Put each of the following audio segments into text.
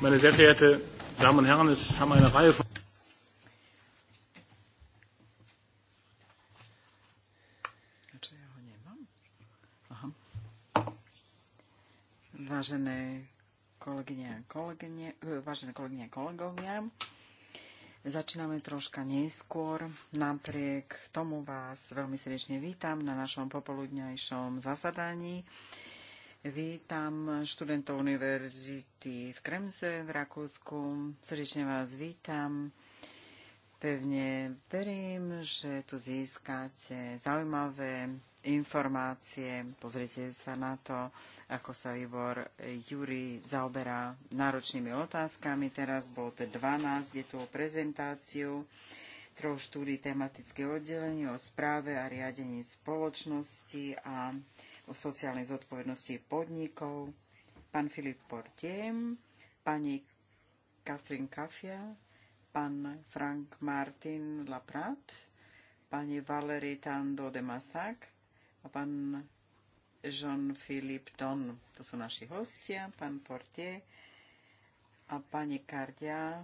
Meine sehr verehrten Damen und Herren, es haben eine Reihe von Vážené kolegyne a kolegyne, vážené kolegyne a kolegovia, začíname troška neskôr. Napriek tomu vás veľmi srdečne vítam na našom popoludňajšom zasadaní. Vítam študentov univerzity v Kremze v Rakúsku. Srdečne vás vítam. Pevne verím, že tu získate zaujímavé informácie. Pozrite sa na to, ako sa výbor Júri zaoberá náročnými otázkami. Teraz to 12, je tu o prezentáciu troch štúdí tematické oddelenie o správe a riadení spoločnosti a o sociálnej zodpovednosti podnikov, pán Filip Portiem, pani Katrin Kafia, pán Frank Martin Laprat, pani Valerie Tando de Massac, a pán Jean-Philippe Don. To sú naši hostia, pán Portier a pani Kardia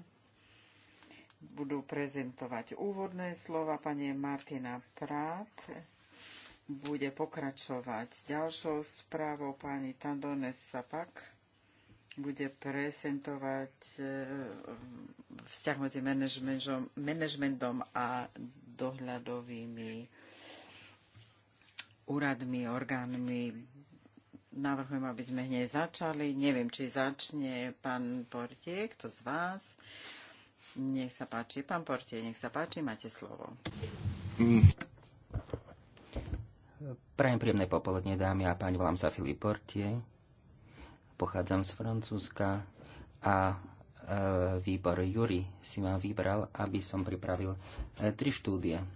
budú prezentovať úvodné slova pani Martina Prat bude pokračovať. ďalšou správou pani Tandones Sapak bude prezentovať eh, vzťah medzi manažmentom a dohľadovými úradmi, orgánmi. Navrhujem, aby sme hneď začali. Neviem, či začne pán Portie, kto z vás. Nech sa páči, pán Portie, nech sa páči, máte slovo. Mm. Prajem príjemné popoludne, dámy a páni, volám sa Filip Portie, pochádzam z Francúzska a e, výbor Jury si ma vybral, aby som pripravil e, tri štúdie, e,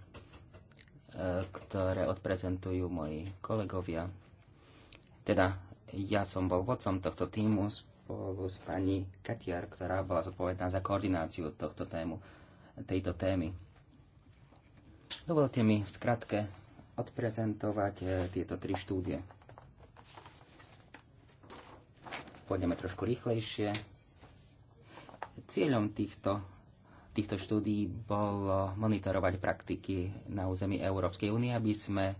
ktoré odprezentujú moji kolegovia. Teda ja som bol vodcom tohto týmu spolu s pani Katiar, ktorá bola zodpovedná za koordináciu tohto tému, tejto témy. Dovolte mi v skratke odprezentovať e, tieto tri štúdie. Pôjdeme trošku rýchlejšie. Cieľom týchto, týchto štúdií bolo monitorovať praktiky na území Európskej únie, aby sme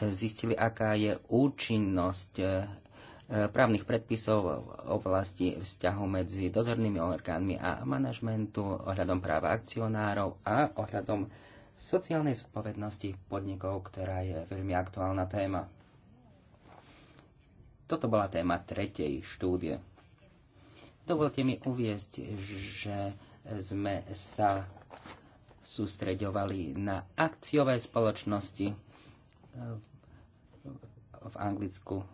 zistili, aká je účinnosť e, právnych predpisov v oblasti vzťahu medzi dozornými orgánmi a manažmentu ohľadom práva akcionárov a ohľadom sociálnej zodpovednosti podnikov, ktorá je veľmi aktuálna téma. Toto bola téma tretej štúdie. Dovolte mi uviesť, že sme sa sústreďovali na akciové spoločnosti. V Anglicku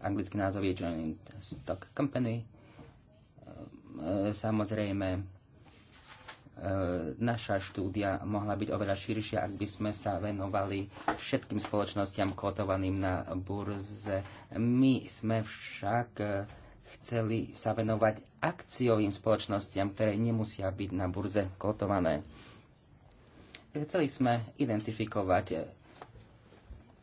anglický názov je Joint Stock Company. Samozrejme, E, naša štúdia mohla byť oveľa širšia, ak by sme sa venovali všetkým spoločnostiam kotovaným na burze. My sme však e, chceli sa venovať akciovým spoločnostiam, ktoré nemusia byť na burze kotované. Chceli sme identifikovať e,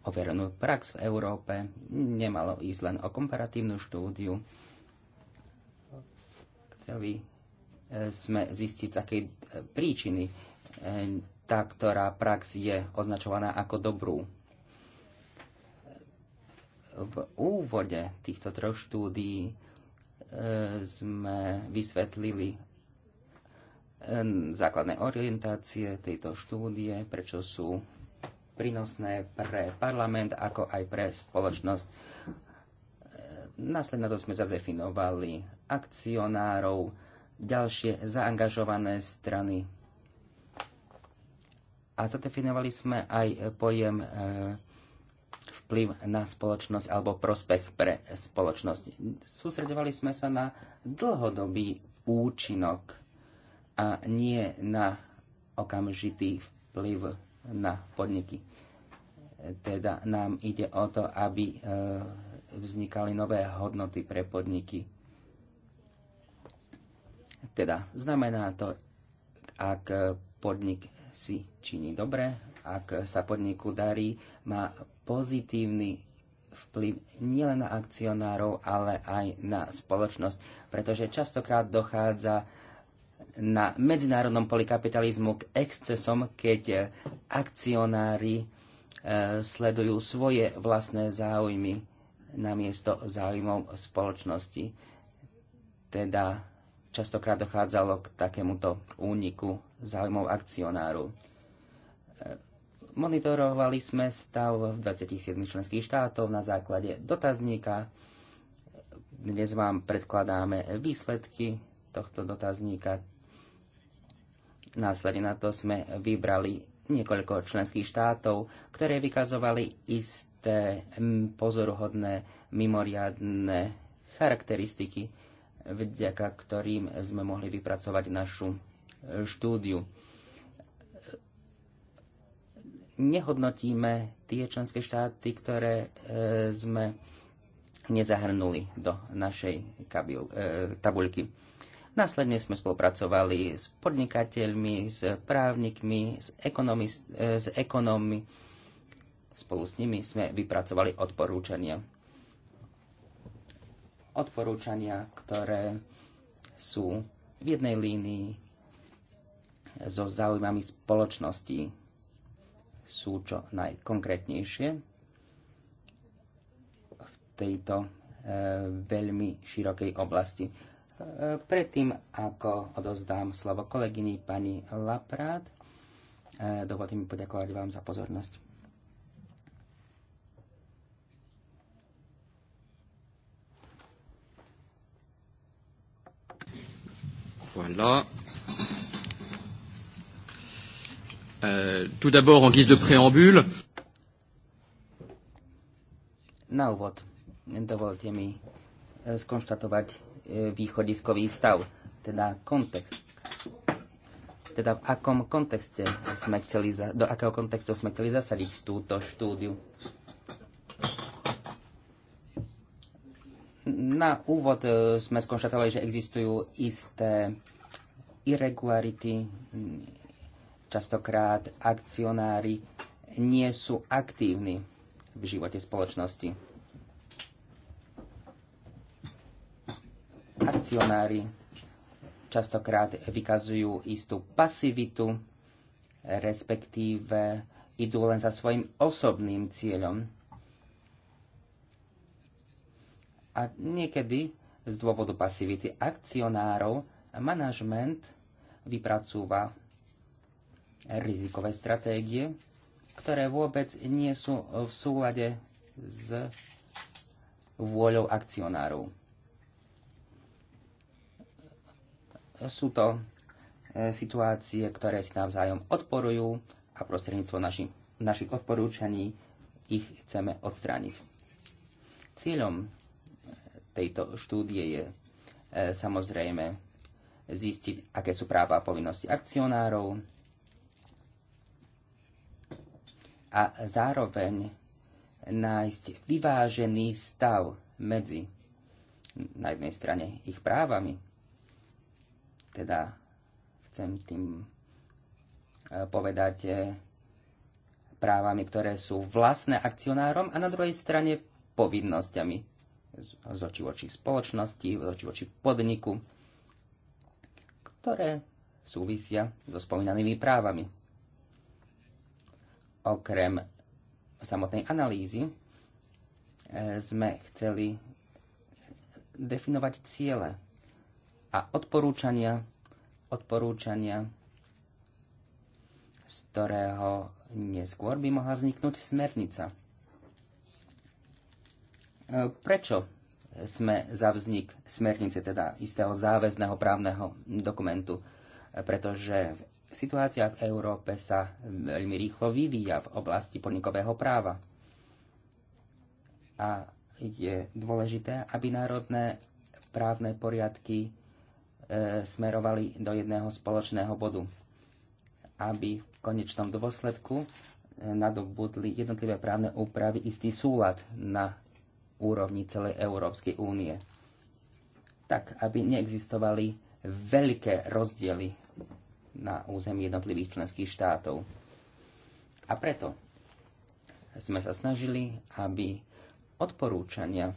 overenú prax v Európe. Nemalo ísť len o komparatívnu štúdiu. Chceli sme zistiť, z akej e, príčiny e, tá, ktorá prax je označovaná ako dobrú. V úvode týchto troch štúdií e, sme vysvetlili základné orientácie tejto štúdie, prečo sú prínosné pre parlament, ako aj pre spoločnosť. Následne to sme zadefinovali akcionárov, ďalšie zaangažované strany. A zadefinovali sme aj pojem e, vplyv na spoločnosť alebo prospech pre spoločnosť. Sústredovali sme sa na dlhodobý účinok a nie na okamžitý vplyv na podniky. Teda nám ide o to, aby e, vznikali nové hodnoty pre podniky teda znamená to, ak podnik si činí dobre, ak sa podniku darí, má pozitívny vplyv nielen na akcionárov, ale aj na spoločnosť, pretože častokrát dochádza na medzinárodnom polikapitalizmu k excesom, keď akcionári e, sledujú svoje vlastné záujmy namiesto záujmov spoločnosti. Teda častokrát dochádzalo k takémuto úniku záujmov akcionárov. Monitorovali sme stav v 27 členských štátov na základe dotazníka. Dnes vám predkladáme výsledky tohto dotazníka. Následne na to sme vybrali niekoľko členských štátov, ktoré vykazovali isté pozoruhodné mimoriadne charakteristiky vďaka ktorým sme mohli vypracovať našu e, štúdiu. Nehodnotíme tie členské štáty, ktoré e, sme nezahrnuli do našej kabil, e, tabuľky. Následne sme spolupracovali s podnikateľmi, s právnikmi, s, ekonomi, s ekonómmi. Spolu s nimi sme vypracovali odporúčania odporúčania, ktoré sú v jednej línii so záujmami spoločnosti, sú čo najkonkrétnejšie v tejto e, veľmi širokej oblasti. E, predtým, ako odozdám slovo kolegyni pani Laprát, e, dovolte mi poďakovať vám za pozornosť. Voilà. Euh, tout d'abord, en guise de préambule. Na úvod, dovolte mi e, skonštatovať e, východiskový stav, teda kontext. Teda v akom kontexte sme chceli, do akého kontextu sme chceli zasadiť túto štúdiu. Na úvod e, sme skonštatovali, že existujú isté irregularity. Častokrát akcionári nie sú aktívni v živote spoločnosti. Akcionári častokrát vykazujú istú pasivitu, respektíve idú len za svojim osobným cieľom A niekedy z dôvodu pasivity akcionárov manažment vypracúva rizikové stratégie, ktoré vôbec nie sú v súlade s vôľou akcionárov. Sú to e, situácie, ktoré si navzájom odporujú a prostredníctvom našich, našich odporúčaní ich chceme odstrániť. Cieľom tejto štúdie je e, samozrejme zistiť, aké sú práva a povinnosti akcionárov a zároveň nájsť vyvážený stav medzi na jednej strane ich právami, teda chcem tým e, povedať e, právami, ktoré sú vlastné akcionárom a na druhej strane povinnosťami z oči spoločnosti, z oči podniku, ktoré súvisia so spomínanými právami. Okrem samotnej analýzy e, sme chceli definovať ciele a odporúčania, odporúčania, z ktorého neskôr by mohla vzniknúť smernica E, prečo sme za vznik smernice, teda istého záväzného právneho dokumentu? E, pretože situácia v Európe sa veľmi rýchlo vyvíja v oblasti podnikového práva. A je dôležité, aby národné právne poriadky e, smerovali do jedného spoločného bodu, aby v konečnom dôsledku nadobudli jednotlivé právne úpravy istý súlad na úrovni celej Európskej únie. Tak, aby neexistovali veľké rozdiely na území jednotlivých členských štátov. A preto sme sa snažili, aby odporúčania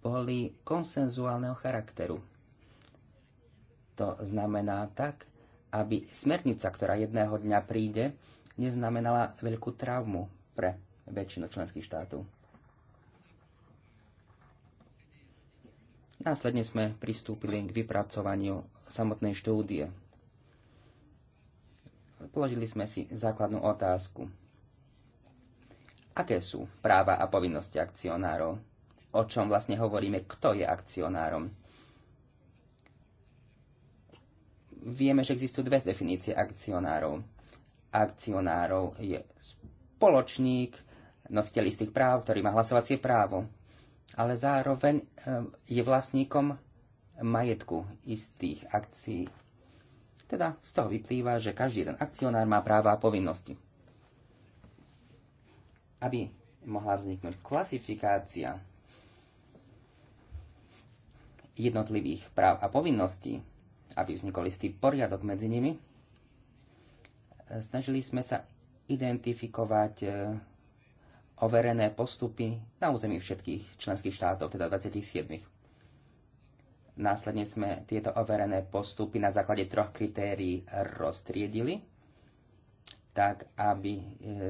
boli konsenzuálneho charakteru. To znamená tak, aby smernica, ktorá jedného dňa príde, neznamenala veľkú traumu pre väčšina členských štátov. Následne sme pristúpili k vypracovaniu samotnej štúdie. Položili sme si základnú otázku. Aké sú práva a povinnosti akcionárov? O čom vlastne hovoríme, kto je akcionárom? Vieme, že existujú dve definície akcionárov. Akcionárov je spoločník nositeľ istých práv, ktorý má hlasovacie právo, ale zároveň e, je vlastníkom majetku istých akcií. Teda z toho vyplýva, že každý jeden akcionár má práva a povinnosti. Aby mohla vzniknúť klasifikácia jednotlivých práv a povinností, aby vznikol istý poriadok medzi nimi, e, snažili sme sa identifikovať e, overené postupy na území všetkých členských štátov, teda 27. Následne sme tieto overené postupy na základe troch kritérií roztriedili, tak aby e,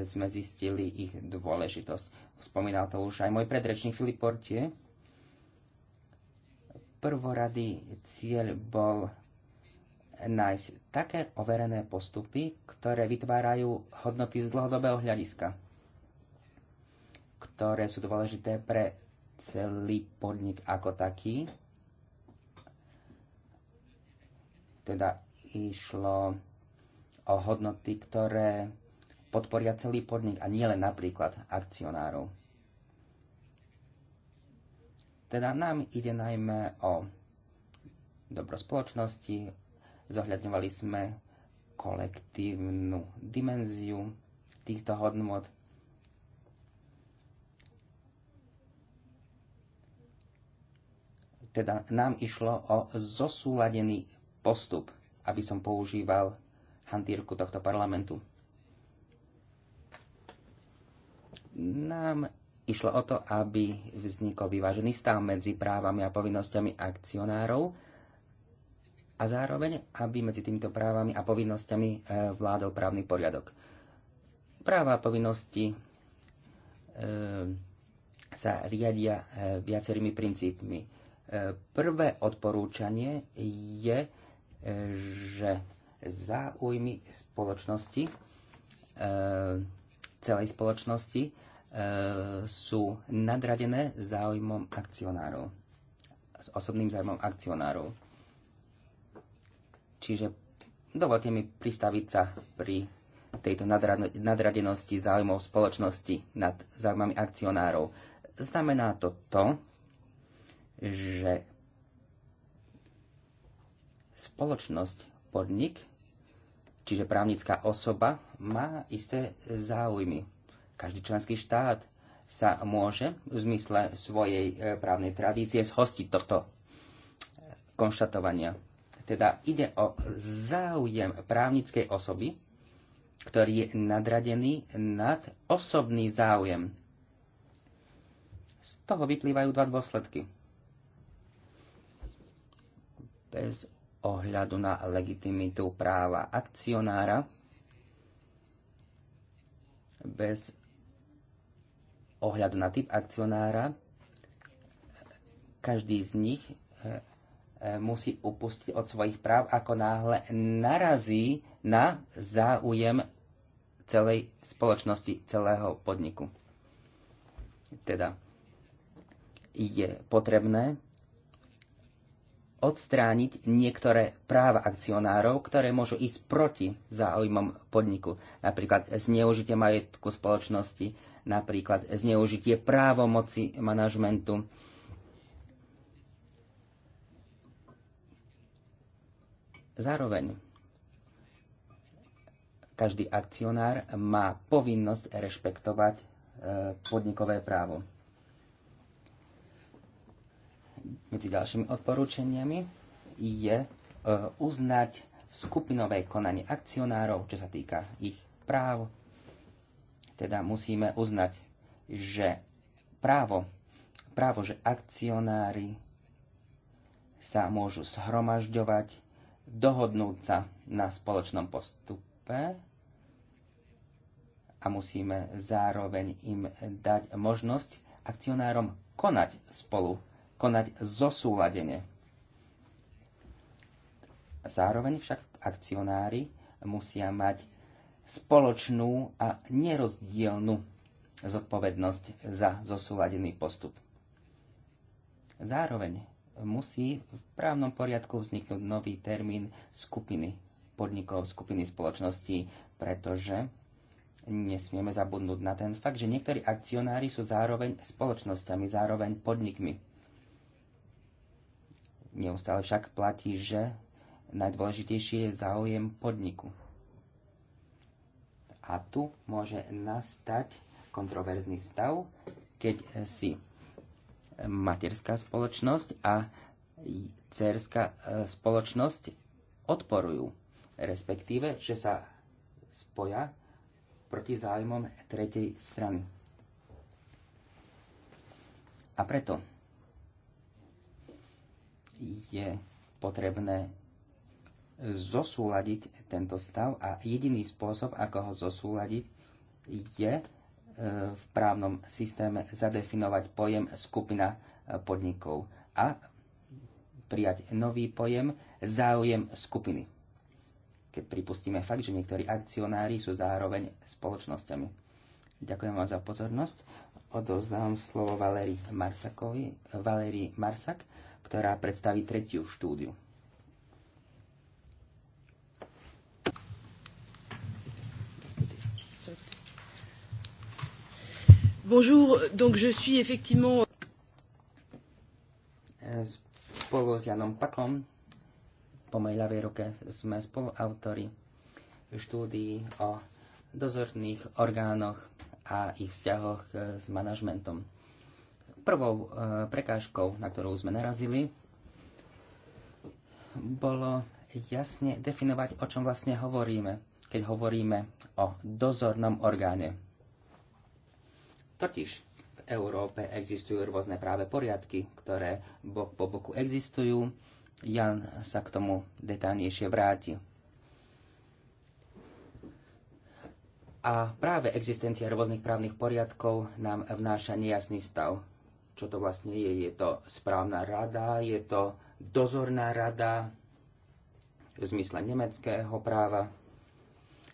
sme zistili ich dôležitosť. Spomínal to už aj môj predrečník Filip Portie. Prvorady cieľ bol nájsť také overené postupy, ktoré vytvárajú hodnoty z dlhodobého hľadiska ktoré sú dôležité pre celý podnik ako taký. Teda išlo o hodnoty, ktoré podporia celý podnik a nielen napríklad akcionárov. Teda nám ide najmä o dobro spoločnosti, zohľadňovali sme kolektívnu dimenziu týchto hodnot Teda nám išlo o zosúladený postup, aby som používal hantírku tohto parlamentu. Nám išlo o to, aby vznikol vyvážený stav medzi právami a povinnosťami akcionárov a zároveň, aby medzi týmito právami a povinnosťami e, vládol právny poriadok. Práva a povinnosti e, sa riadia e, viacerými princípmi Prvé odporúčanie je, že záujmy spoločnosti, e, celej spoločnosti e, sú nadradené záujmom akcionárov, s osobným záujmom akcionárov. Čiže dovolte mi pristaviť sa pri tejto nadradenosti záujmov spoločnosti nad záujmami akcionárov. Znamená to to, že spoločnosť, podnik, čiže právnická osoba, má isté záujmy. Každý členský štát sa môže v zmysle svojej e, právnej tradície zhostiť tohto konštatovania. Teda ide o záujem právnickej osoby, ktorý je nadradený nad osobný záujem. Z toho vyplývajú dva dôsledky bez ohľadu na legitimitu práva akcionára, bez ohľadu na typ akcionára, každý z nich eh, eh, musí upustiť od svojich práv, ako náhle narazí na záujem celej spoločnosti, celého podniku. Teda je potrebné odstrániť niektoré práva akcionárov, ktoré môžu ísť proti záujmom podniku. Napríklad zneužitie majetku spoločnosti, napríklad zneužitie právomoci manažmentu. Zároveň každý akcionár má povinnosť rešpektovať e, podnikové právo medzi ďalšími odporúčaniami je e, uznať skupinové konanie akcionárov, čo sa týka ich práv. Teda musíme uznať, že právo, právo, že akcionári sa môžu zhromažďovať, dohodnúť sa na spoločnom postupe a musíme zároveň im dať možnosť akcionárom konať spolu konať zosúladene. Zároveň však akcionári musia mať spoločnú a nerozdielnú zodpovednosť za zosúladený postup. Zároveň musí v právnom poriadku vzniknúť nový termín skupiny podnikov, skupiny spoločností, pretože nesmieme zabudnúť na ten fakt, že niektorí akcionári sú zároveň spoločnosťami, zároveň podnikmi. Neustále však platí, že najdôležitejší je záujem podniku. A tu môže nastať kontroverzný stav, keď si materská spoločnosť a cerská e, spoločnosť odporujú, respektíve, že sa spoja proti záujmom tretej strany. A preto je potrebné zosúľadiť tento stav a jediný spôsob, ako ho zosúľadiť, je e, v právnom systéme zadefinovať pojem skupina e, podnikov a prijať nový pojem záujem skupiny. Keď pripustíme fakt, že niektorí akcionári sú zároveň spoločnosťami. Ďakujem vám za pozornosť odozdám slovo Valerii Marsakovi, Valerii Marsak, ktorá predstaví tretiu štúdiu. Bonjour, donc je suis effectivement... Spolu s Janom Pakom, po mojej ľavej ruke, sme spoluautori štúdii o dozorných orgánoch a ich vzťahoch e, s manažmentom. Prvou e, prekážkou, na ktorú sme narazili, bolo jasne definovať, o čom vlastne hovoríme, keď hovoríme o dozornom orgáne. Totiž v Európe existujú rôzne práve poriadky, ktoré bok po boku existujú. Jan sa k tomu detálnejšie vráti. A práve existencia rôznych právnych poriadkov nám vnáša nejasný stav. Čo to vlastne je? Je to správna rada, je to dozorná rada v zmysle nemeckého práva.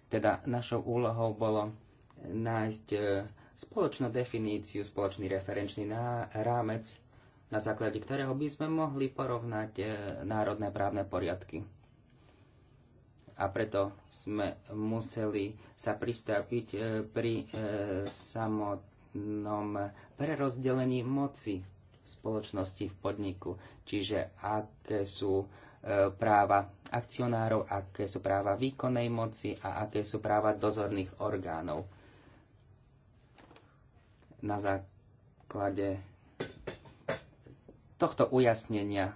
Teda našou úlohou bolo nájsť e, spoločnú definíciu, spoločný referenčný rámec, na základe ktorého by sme mohli porovnať e, národné právne poriadky a preto sme museli sa pristápiť e, pri e, samotnom prerozdelení moci v spoločnosti, v podniku. Čiže aké sú e, práva akcionárov, aké sú práva výkonnej moci a aké sú práva dozorných orgánov. Na základe tohto ujasnenia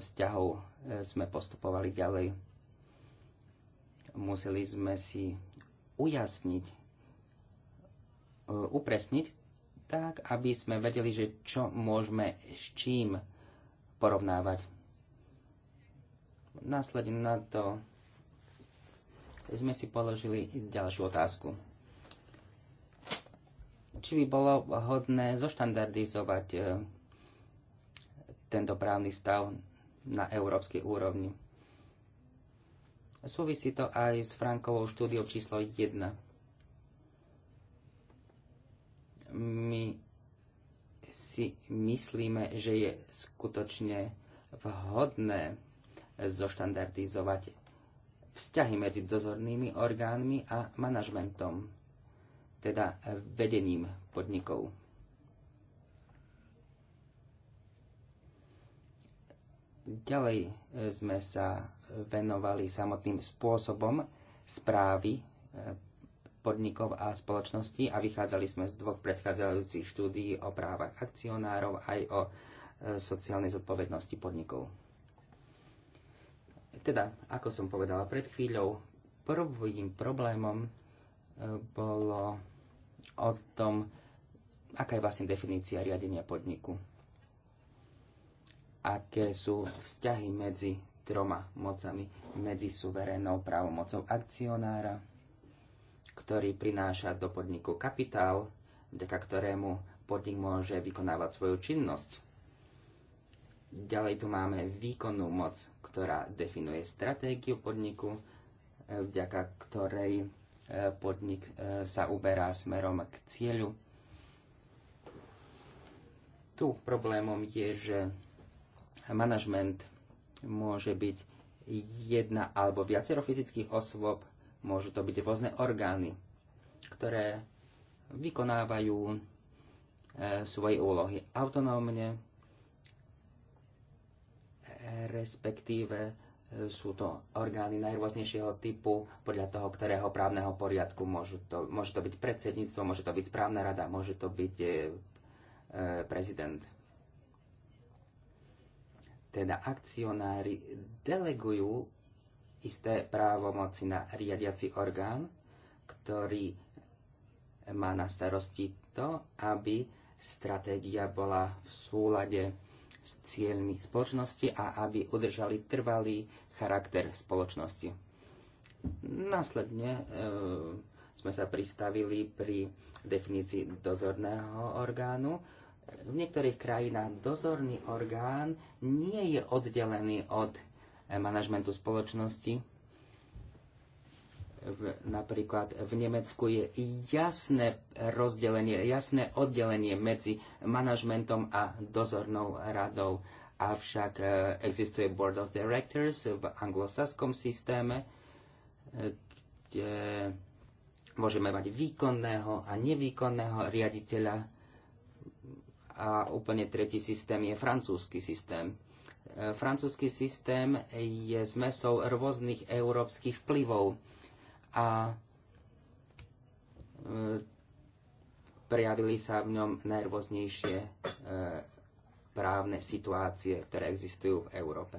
vzťahov sme postupovali ďalej. Museli sme si ujasniť, e, upresniť, tak aby sme vedeli, že čo môžeme s čím porovnávať. Následne na to sme si položili ďalšiu otázku. Či by bolo hodné zoštandardizovať e, tento právny stav na európskej úrovni. Súvisí to aj s Frankovou štúdiou číslo 1. My si myslíme, že je skutočne vhodné zoštandardizovať vzťahy medzi dozornými orgánmi a manažmentom, teda vedením podnikov. Ďalej e, sme sa venovali samotným spôsobom správy e, podnikov a spoločností a vychádzali sme z dvoch predchádzajúcich štúdií o právach akcionárov aj o e, sociálnej zodpovednosti podnikov. Teda, ako som povedala pred chvíľou, prvým problémom e, bolo o tom, aká je vlastne definícia riadenia podniku. Aké sú vzťahy medzi troma mocami medzi suverénnou právomocou akcionára, ktorý prináša do podniku kapitál, vďaka ktorému podnik môže vykonávať svoju činnosť. Ďalej tu máme výkonnú moc, ktorá definuje stratégiu podniku, e, vďaka ktorej e, podnik e, sa uberá smerom k cieľu. Tu problémom je, že manažment môže byť jedna alebo viacero fyzických osôb, môžu to byť rôzne orgány, ktoré vykonávajú e, svoje úlohy autonómne, respektíve e, sú to orgány najrôznejšieho typu podľa toho, ktorého právneho poriadku. Môžu to, môže to byť predsedníctvo, môže to byť správna rada, môže to byť e, e prezident teda akcionári delegujú isté právomoci na riadiaci orgán, ktorý má na starosti to, aby stratégia bola v súlade s cieľmi spoločnosti a aby udržali trvalý charakter spoločnosti. Následne e, sme sa pristavili pri definícii dozorného orgánu, v niektorých krajinách dozorný orgán nie je oddelený od eh, manažmentu spoločnosti. V, napríklad v Nemecku je jasné rozdelenie, jasné oddelenie medzi manažmentom a dozornou radou. Avšak eh, existuje Board of Directors v anglosaskom systéme, eh, kde môžeme mať výkonného a nevýkonného riaditeľa a úplne tretí systém je francúzsky systém. E, francúzsky systém je zmesou rôznych európskych vplyvov a e, prejavili sa v ňom najrôznejšie e, právne situácie, ktoré existujú v Európe.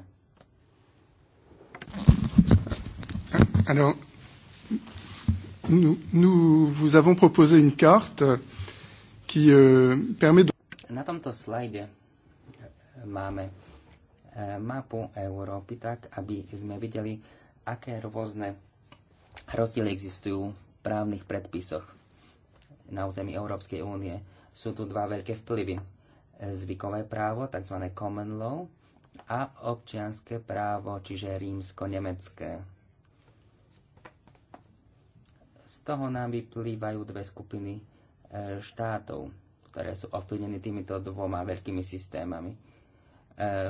Alors, nous, nous vous avons proposé une carte qui euh, permet de na tomto slajde máme e, mapu Európy tak, aby sme videli, aké rôzne rozdiely existujú v právnych predpisoch na území Európskej únie. Sú tu dva veľké vplyvy. Zvykové právo, tzv. common law, a občianské právo, čiže rímsko-nemecké. Z toho nám vyplývajú dve skupiny e, štátov ktoré sú ovplyvnené týmito dvoma veľkými systémami. E,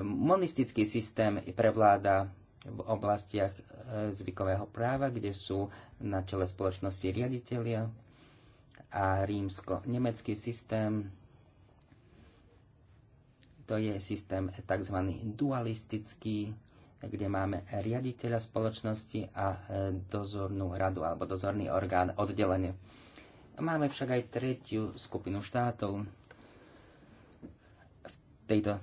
monistický systém prevláda v oblastiach e, zvykového práva, kde sú na čele spoločnosti riaditeľia a rímsko-nemecký systém. To je systém tzv. dualistický, kde máme riaditeľa spoločnosti a e, dozornú radu alebo dozorný orgán oddelenie. Máme však aj tretiu skupinu štátov. V tejto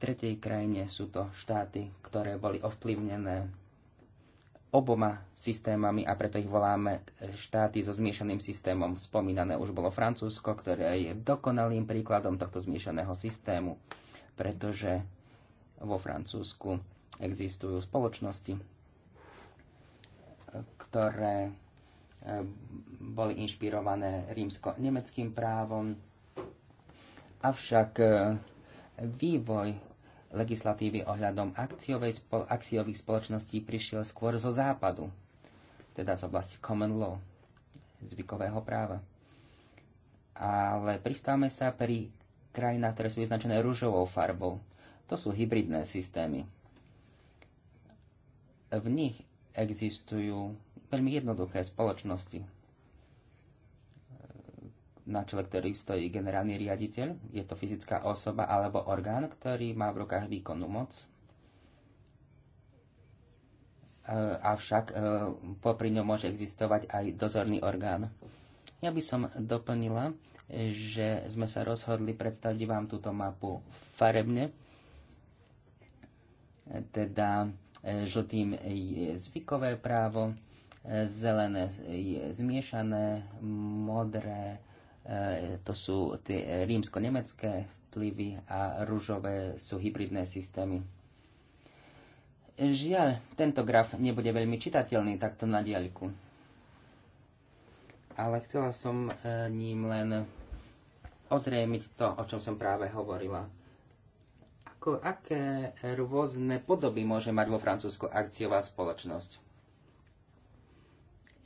tretej krajine sú to štáty, ktoré boli ovplyvnené oboma systémami a preto ich voláme štáty so zmiešaným systémom. Spomínané už bolo Francúzsko, ktoré je dokonalým príkladom tohto zmiešaného systému, pretože vo Francúzsku existujú spoločnosti, ktoré Eh, boli inšpirované rímsko-nemeckým právom. Avšak eh, vývoj legislatívy ohľadom akciovej, akciových spoločností prišiel skôr zo západu, teda z oblasti common law, zvykového práva. Ale pristávame sa pri krajinách, ktoré sú vyznačené rúžovou farbou. To sú hybridné systémy. V nich existujú veľmi jednoduché spoločnosti, na čele ktorých stojí generálny riaditeľ. Je to fyzická osoba alebo orgán, ktorý má v rukách výkonnú moc. E, avšak e, popri ňom môže existovať aj dozorný orgán. Ja by som doplnila, že sme sa rozhodli predstaviť vám túto mapu farebne, e, teda žltým je zvykové právo, zelené, zmiešané, modré, e, to sú tie rímsko-nemecké vplyvy a rúžové sú hybridné systémy. Žiaľ, tento graf nebude veľmi čitateľný takto na diaľku. Ale chcela som e, ním len ozrejmiť to, o čom som práve hovorila. Ako, aké rôzne podoby môže mať vo Francúzsku akciová spoločnosť?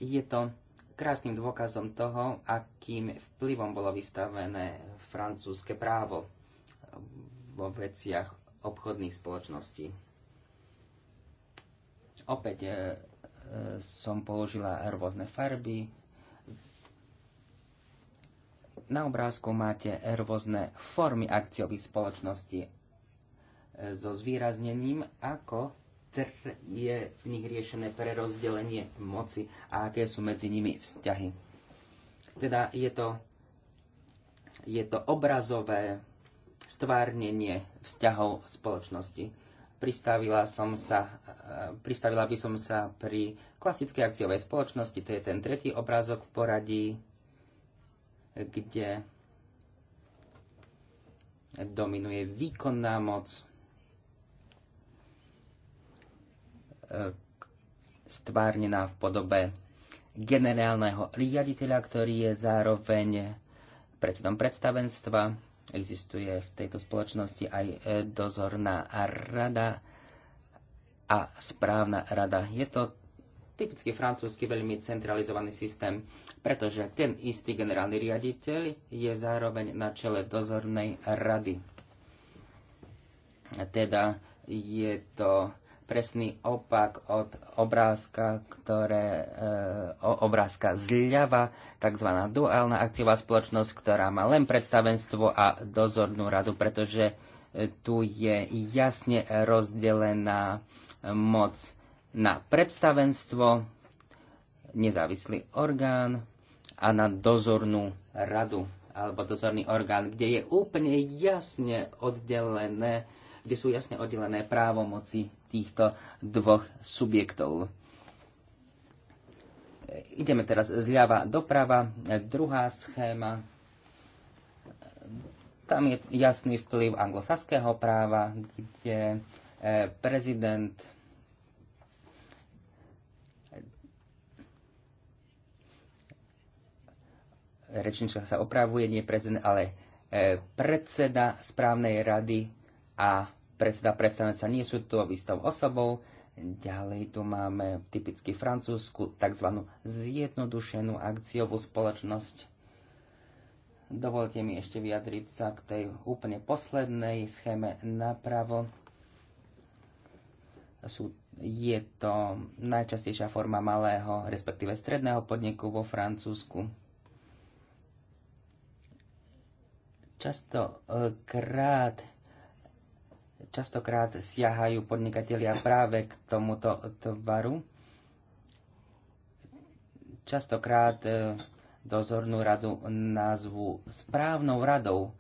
Je to krásnym dôkazom toho, akým vplyvom bolo vystavené francúzske právo vo veciach obchodných spoločností. Opäť e, e som položila rôzne farby. Na obrázku máte rôzne formy akciových spoločností e, so zvýraznením, ako je v nich riešené pre rozdelenie moci a aké sú medzi nimi vzťahy. Teda je to, je to obrazové stvárnenie vzťahov v spoločnosti. Pristavila, som sa, eh, pristavila by som sa pri klasickej akciovej spoločnosti, to je ten tretí obrázok v poradí, kde dominuje výkonná moc, E, stvárnená v podobe generálneho riaditeľa, ktorý je zároveň predsedom predstavenstva. Existuje v tejto spoločnosti aj e, dozorná rada a správna rada. Je to typicky francúzsky veľmi centralizovaný systém, pretože ten istý generálny riaditeľ je zároveň na čele dozornej rady. Teda je to presný opak od obrázka, ktoré, e, obrázka zľava, tzv. duálna akciová spoločnosť, ktorá má len predstavenstvo a dozornú radu, pretože e, tu je jasne rozdelená e, moc na predstavenstvo, nezávislý orgán a na dozornú radu alebo dozorný orgán, kde je úplne jasne oddelené, kde sú jasne oddelené právomoci týchto dvoch subjektov. Ideme teraz zľava doprava. Druhá schéma. Tam je jasný vplyv anglosaského práva, kde e, prezident rečnička sa opravuje, nie prezident, ale e, predseda správnej rady a predseda sa nie sú to istou osobou. Ďalej tu máme typicky francúzsku tzv. zjednodušenú akciovú spoločnosť. Dovolte mi ešte vyjadriť sa k tej úplne poslednej schéme napravo. Sú, je to najčastejšia forma malého, respektíve stredného podniku vo Francúzsku. Často krát častokrát siahajú podnikatelia práve k tomuto tvaru. Častokrát e, dozornú radu názvu správnou radou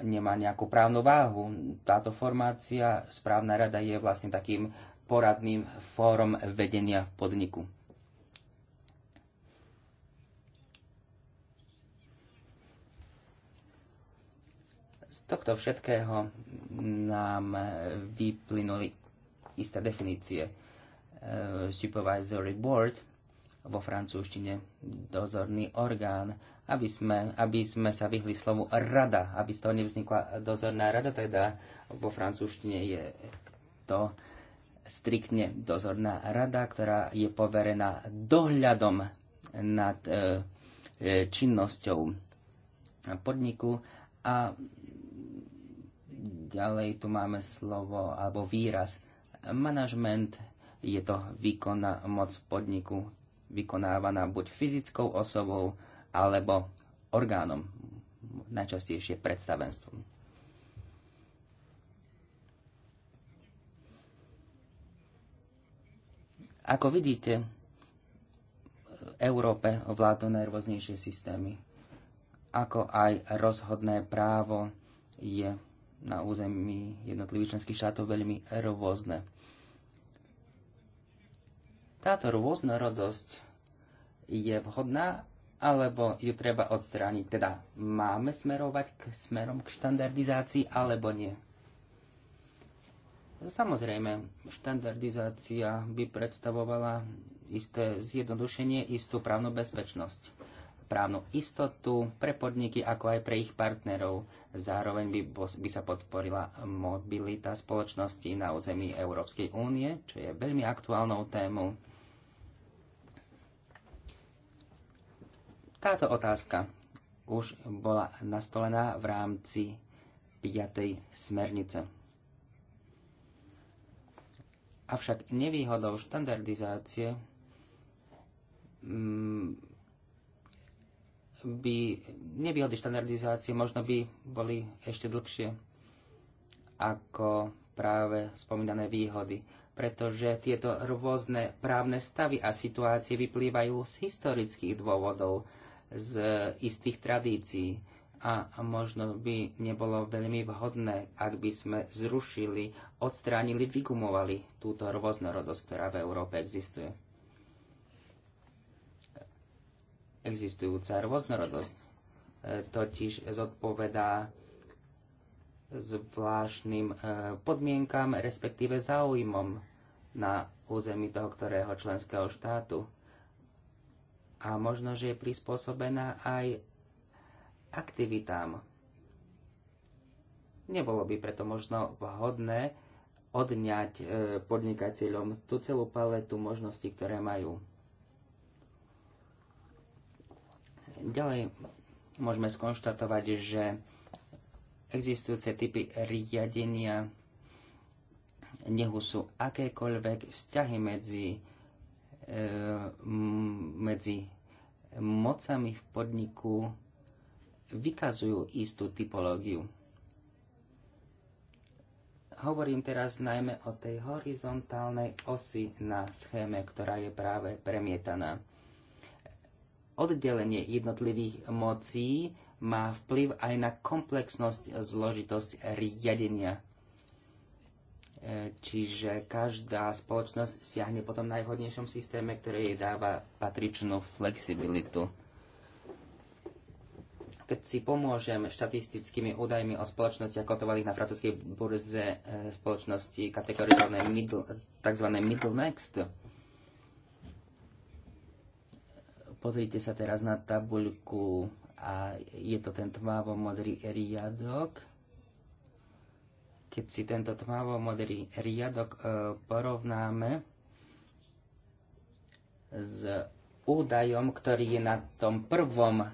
nemá nejakú právnu váhu. Táto formácia, správna rada je vlastne takým poradným fórom vedenia podniku. tohto všetkého nám vyplynuli isté definície. E, supervisory Board vo francúzštine dozorný orgán, aby sme, aby sme sa vyhli slovu rada, aby z toho nevznikla dozorná rada, teda vo francúzštine je to striktne dozorná rada, ktorá je poverená dohľadom nad e, e činnosťou podniku a Ďalej tu máme slovo alebo výraz management. Je to výkonná moc podniku vykonávaná buď fyzickou osobou alebo orgánom, najčastejšie predstavenstvom. Ako vidíte, v Európe vládnu najrôznejšie systémy, ako aj rozhodné právo je na území jednotlivých členských štátov veľmi rôzne. Táto rôznorodosť je vhodná alebo ju treba odstrániť? Teda máme smerovať k smerom k štandardizácii alebo nie? Samozrejme, štandardizácia by predstavovala isté zjednodušenie, istú právnu bezpečnosť právnu istotu pre podniky, ako aj pre ich partnerov. Zároveň by, by sa podporila mobilita spoločnosti na území Európskej únie, čo je veľmi aktuálnou témou. Táto otázka už bola nastolená v rámci 5. smernice. Avšak nevýhodou štandardizácie mm, by nevyhody štandardizácie možno by boli ešte dlhšie ako práve spomínané výhody, pretože tieto rôzne právne stavy a situácie vyplývajú z historických dôvodov, z istých tradícií a možno by nebolo veľmi vhodné, ak by sme zrušili, odstránili, vygumovali túto rôznorodosť, ktorá v Európe existuje. existujúca rôznorodosť e, totiž zodpovedá zvláštnym e, podmienkam, respektíve záujmom na území toho ktorého členského štátu. A možno, že je prispôsobená aj aktivitám. Nebolo by preto možno vhodné odňať e, podnikateľom tú celú paletu možností, ktoré majú. Ďalej môžeme skonštatovať, že existujúce typy riadenia nehu sú akékoľvek vzťahy medzi, e, medzi mocami v podniku vykazujú istú typológiu. Hovorím teraz najmä o tej horizontálnej osi na schéme, ktorá je práve premietaná oddelenie jednotlivých mocí má vplyv aj na komplexnosť a zložitosť riadenia. E, čiže každá spoločnosť siahne po tom najvhodnejšom systéme, ktorý jej dáva patričnú flexibilitu. Keď si pomôžem štatistickými údajmi o spoločnostiach kotovaných na francúzskej burze e, spoločnosti kategorizované middle, tzv. middle next, Pozrite sa teraz na tabuľku a je to ten tmavo-modrý riadok. Keď si tento tmavo-modrý riadok e, porovnáme s údajom, ktorý je na tom prvom e,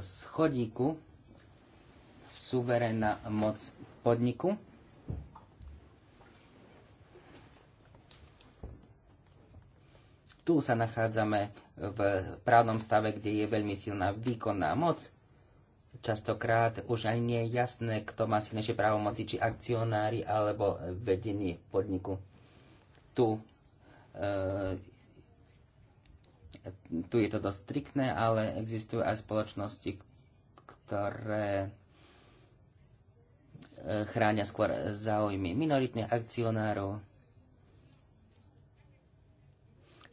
schodíku, suverénna moc podniku, Tu sa nachádzame v právnom stave, kde je veľmi silná výkonná moc. Častokrát už ani nie je jasné, kto má silnejšie právomoci, či akcionári alebo vedenie podniku. Tu, e, tu je to dosť striktné, ale existujú aj spoločnosti, ktoré eh, chránia skôr záujmy minoritných akcionárov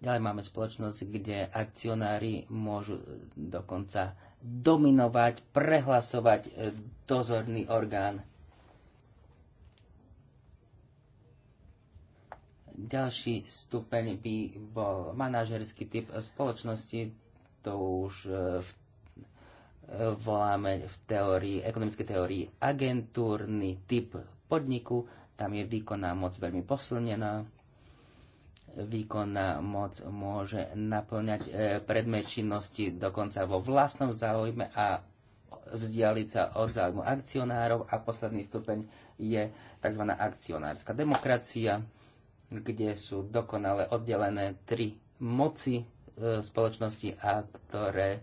Ďalej máme spoločnosť, kde akcionári môžu dokonca dominovať, prehlasovať e, dozorný orgán. Ďalší stupeň by bol manažerský typ spoločnosti, to už e, v, e, voláme v teórii, ekonomickej teórii agentúrny typ podniku, tam je výkonná moc veľmi posilnená výkonná e, moc môže naplňať e, predmet činnosti dokonca vo vlastnom záujme a vzdialiť sa od záujmu akcionárov a posledný stupeň je tzv. akcionárska demokracia, kde sú dokonale oddelené tri moci e, spoločnosti a ktoré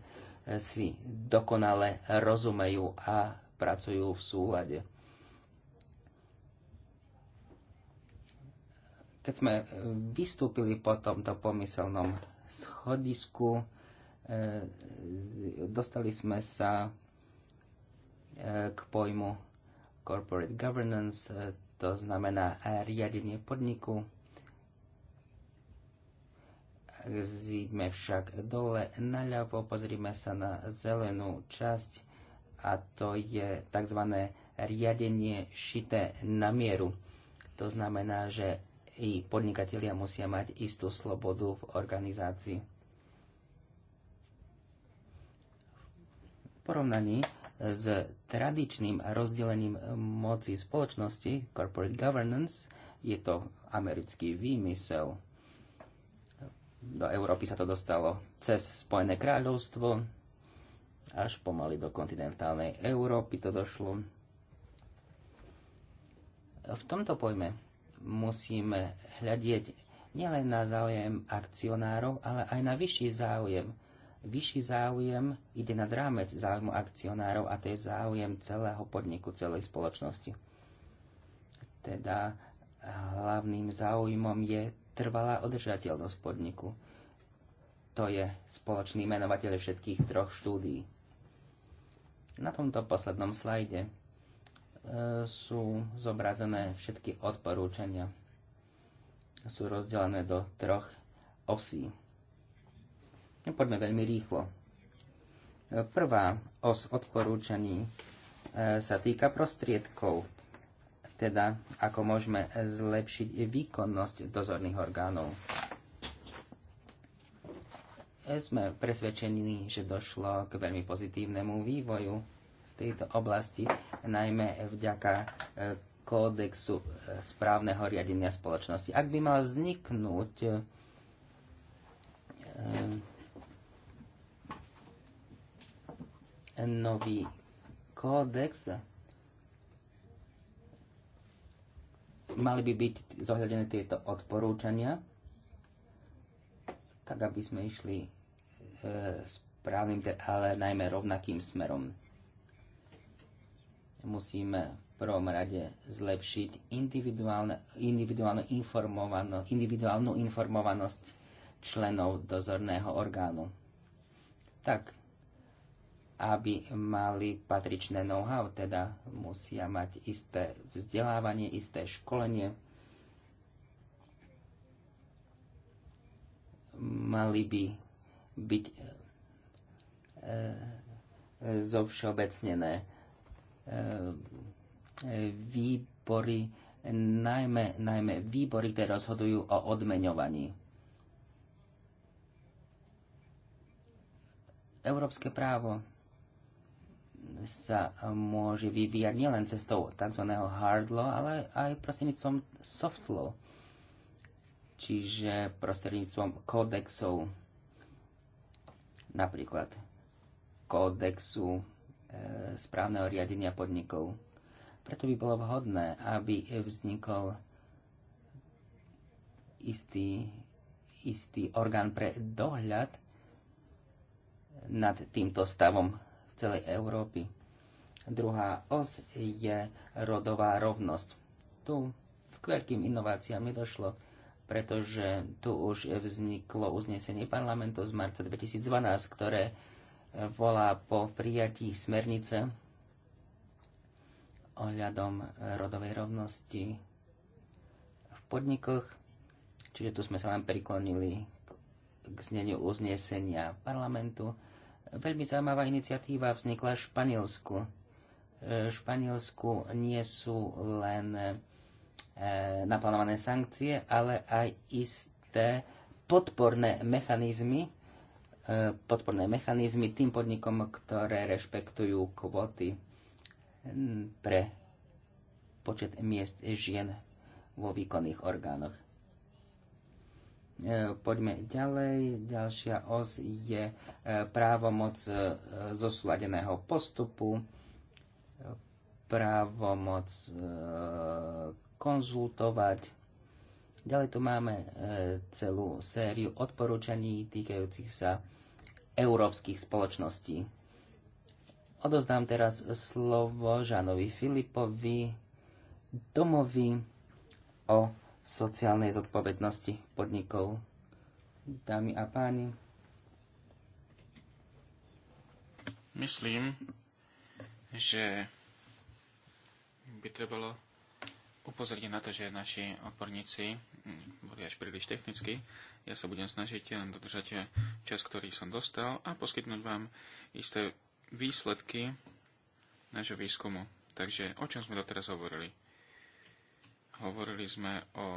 si dokonale rozumejú a pracujú v súlade. Keď sme e, vystúpili po tomto pomyselnom schodisku, e, dostali sme sa e, k pojmu corporate governance, to znamená riadenie podniku. Zíďme však dole naľavo, pozrime sa na zelenú časť a to je tzv. riadenie šité na mieru. To znamená, že i podnikatelia musia mať istú slobodu v organizácii. V porovnaní s tradičným rozdelením moci spoločnosti, corporate governance, je to americký výmysel. Do Európy sa to dostalo cez Spojené kráľovstvo, až pomaly do kontinentálnej Európy to došlo. V tomto pojme musíme hľadieť nielen na záujem akcionárov, ale aj na vyšší záujem. Vyšší záujem ide nad rámec záujmu akcionárov a to je záujem celého podniku, celej spoločnosti. Teda hlavným záujmom je trvalá održateľnosť podniku. To je spoločný menovateľ všetkých troch štúdií. Na tomto poslednom slajde sú zobrazené všetky odporúčania. Sú rozdelené do troch osí. No, poďme veľmi rýchlo. Prvá os odporúčaní e, sa týka prostriedkov, teda ako môžeme zlepšiť výkonnosť dozorných orgánov. E, sme presvedčení, že došlo k veľmi pozitívnemu vývoju v tejto oblasti najmä vďaka e, kódexu e, správneho riadenia spoločnosti. Ak by mal vzniknúť e, nový kódex, mali by byť zohľadené tieto odporúčania, tak aby sme išli správnym, ale najmä rovnakým smerom musíme v prvom rade zlepšiť individuálne, individuálnu, informovano, individuálnu informovanosť členov dozorného orgánu. Tak, aby mali patričné know-how, teda musia mať isté vzdelávanie, isté školenie, mali by byť e, e, zovšeobecnené E, výbory, najmä, najmä výbory, ktoré rozhodujú o odmeňovaní. Európske právo sa môže vyvíjať nielen cestou tzv. hard law, ale aj prostredníctvom soft law, čiže prostredníctvom kódexov, napríklad kódexu E, správneho riadenia podnikov. Preto by bolo vhodné, aby vznikol istý, istý orgán pre dohľad nad týmto stavom v celej Európy. Druhá os je rodová rovnosť. Tu k veľkým inováciám nedošlo, pretože tu už vzniklo uznesenie parlamentu z marca 2012, ktoré volá po prijatí smernice ohľadom rodovej rovnosti v podnikoch. Čiže tu sme sa len priklonili k zneniu uznesenia parlamentu. Veľmi zaujímavá iniciatíva vznikla v Španielsku. E, v Španielsku nie sú len e, naplánované sankcie, ale aj isté podporné mechanizmy, podporné mechanizmy tým podnikom, ktoré rešpektujú kvóty pre počet miest žien vo výkonných orgánoch. E, poďme ďalej. Ďalšia os je e, právomoc e, zosúladeného postupu, právomoc konzultovať. Ďalej tu máme celú sériu odporúčaní týkajúcich sa európskych spoločností. Odozdám teraz slovo Žánovi Filipovi, domovi o sociálnej zodpovednosti podnikov. Dámy a páni, myslím, že by trebalo upozorniť na to, že naši odborníci boli až príliš technicky ja sa budem snažiť len dodržať eh, čas, ktorý som dostal a poskytnúť vám isté výsledky nášho výskumu. Takže o čom sme doteraz hovorili? Hovorili sme o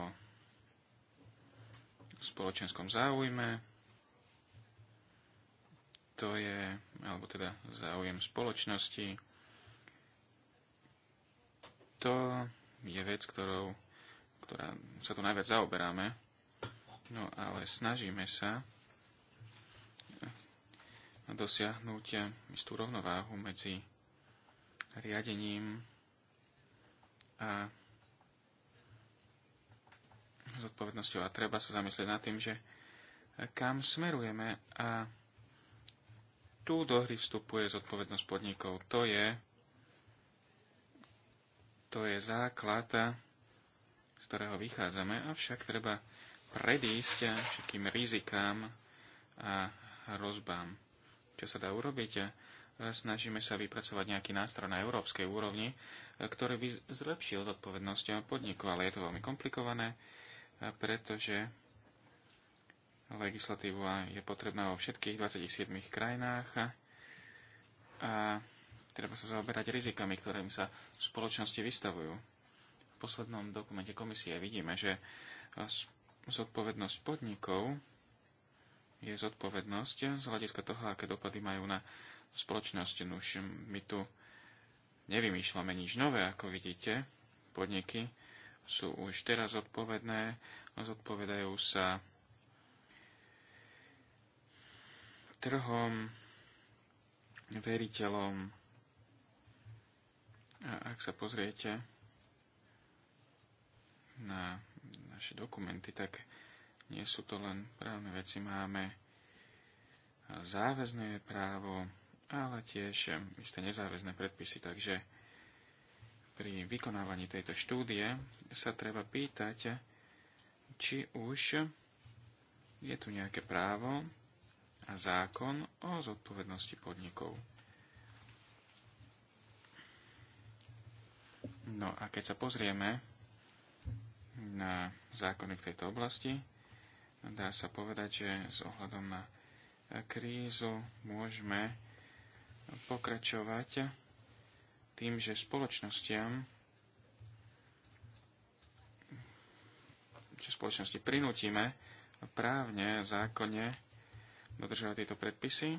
spoločenskom záujme, to je, alebo teda záujem spoločnosti, to je vec, ktorou, ktorá sa tu najviac zaoberáme. No ale snažíme sa dosiahnuť istú rovnováhu medzi riadením a zodpovednosťou a treba sa zamyslieť nad tým, že kam smerujeme a tu do hry vstupuje zodpovednosť podnikov. To je, to je základ, z ktorého vychádzame, avšak treba predísť všetkým rizikám a hrozbám. Čo sa dá urobiť? Snažíme sa vypracovať nejaký nástroj na európskej úrovni, ktorý by zlepšil zodpovednosť podniku, ale je to veľmi komplikované, pretože legislatíva je potrebná vo všetkých 27 krajinách a treba sa zaoberať rizikami, ktorým sa v spoločnosti vystavujú. V poslednom dokumente komisie vidíme, že zodpovednosť podnikov je zodpovednosť z hľadiska toho, aké dopady majú na spoločnosť. Už my tu nevymýšľame nič nové, ako vidíte. Podniky sú už teraz zodpovedné, zodpovedajú sa trhom, veriteľom. A ak sa pozriete na naše dokumenty, tak nie sú to len právne veci. Máme záväzné právo, ale tiež isté nezáväzné predpisy. Takže pri vykonávaní tejto štúdie sa treba pýtať, či už je tu nejaké právo a zákon o zodpovednosti podnikov. No a keď sa pozrieme na zákony v tejto oblasti. Dá sa povedať, že s ohľadom na krízu môžeme pokračovať tým, že spoločnostiam že spoločnosti prinútime právne, zákonne dodržovať tieto predpisy.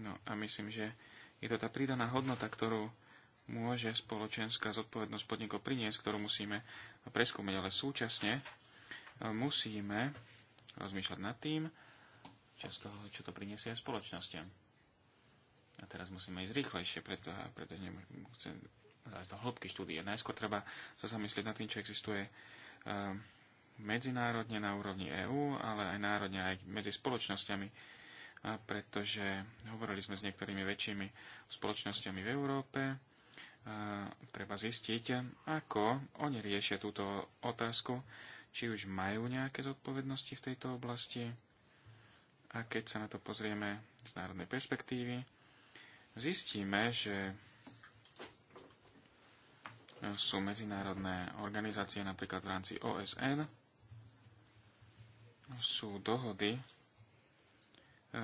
No a myslím, že je to tá pridaná hodnota, ktorú môže spoločenská zodpovednosť podnikov priniesť, ktorú musíme preskúmať, ale súčasne e, musíme rozmýšľať nad tým, toho, čo to priniesie aj spoločnostiam. A teraz musíme ísť rýchlejšie, preto, pretože chcem zájsť do hĺbky štúdie. Najskôr treba sa zamyslieť nad tým, čo existuje e, medzinárodne na úrovni EÚ, ale aj národne, aj medzi spoločnosťami, pretože hovorili sme s niektorými väčšími spoločnosťami v Európe, treba zistiť, ako oni riešia túto otázku, či už majú nejaké zodpovednosti v tejto oblasti. A keď sa na to pozrieme z národnej perspektívy, zistíme, že sú medzinárodné organizácie, napríklad v rámci OSN, sú dohody, e,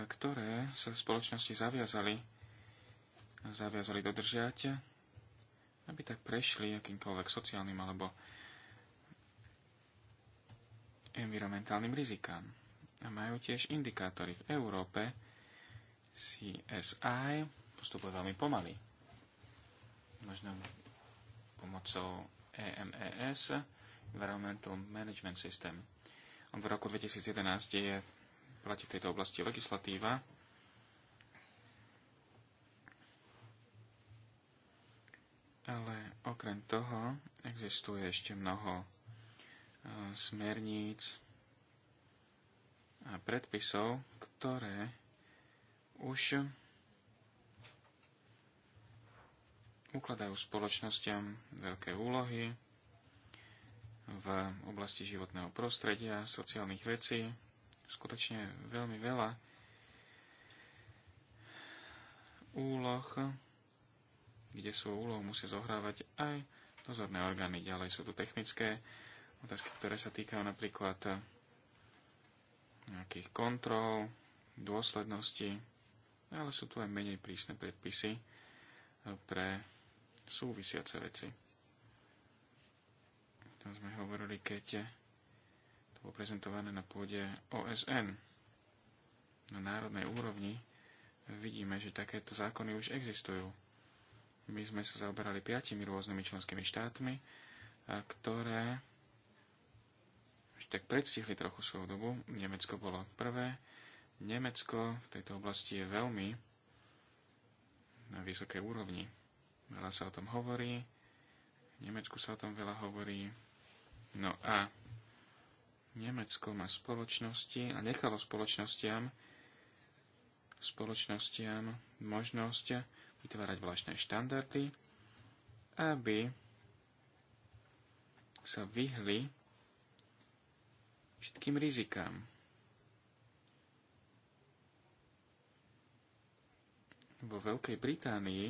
ktoré sa spoločnosti zaviazali, zaviazali dodržiať aby tak prešli akýmkoľvek sociálnym alebo environmentálnym rizikám. A majú tiež indikátory. V Európe CSI postupuje veľmi pomaly. Možno pomocou EMES, Environmental Management System. On v roku 2011 je, platí v tejto oblasti legislatíva, ale okrem toho existuje ešte mnoho e, smerníc a predpisov, ktoré už ukladajú spoločnosťam veľké úlohy v oblasti životného prostredia, sociálnych vecí. Skutočne veľmi veľa úloh kde sú úlohu musia zohrávať aj dozorné orgány. Ďalej sú tu technické otázky, ktoré sa týkajú napríklad eh, nejakých kontrol, dôslednosti, ale sú tu aj menej prísne predpisy eh, pre súvisiace veci. To sme hovorili, keď to bolo prezentované na pôde OSN. Na národnej úrovni vidíme, že takéto zákony už existujú my sme sa zaoberali piatimi rôznymi členskými štátmi, ktoré tak predstihli trochu svoju dobu. Nemecko bolo prvé. Nemecko v tejto oblasti je veľmi na vysokej úrovni. Veľa sa o tom hovorí. V Nemecku sa o tom veľa hovorí. No a Nemecko má spoločnosti a nechalo spoločnostiam spoločnostiam možnosť vytvárať vlastné štandardy, aby sa vyhli všetkým rizikám. Vo Veľkej Británii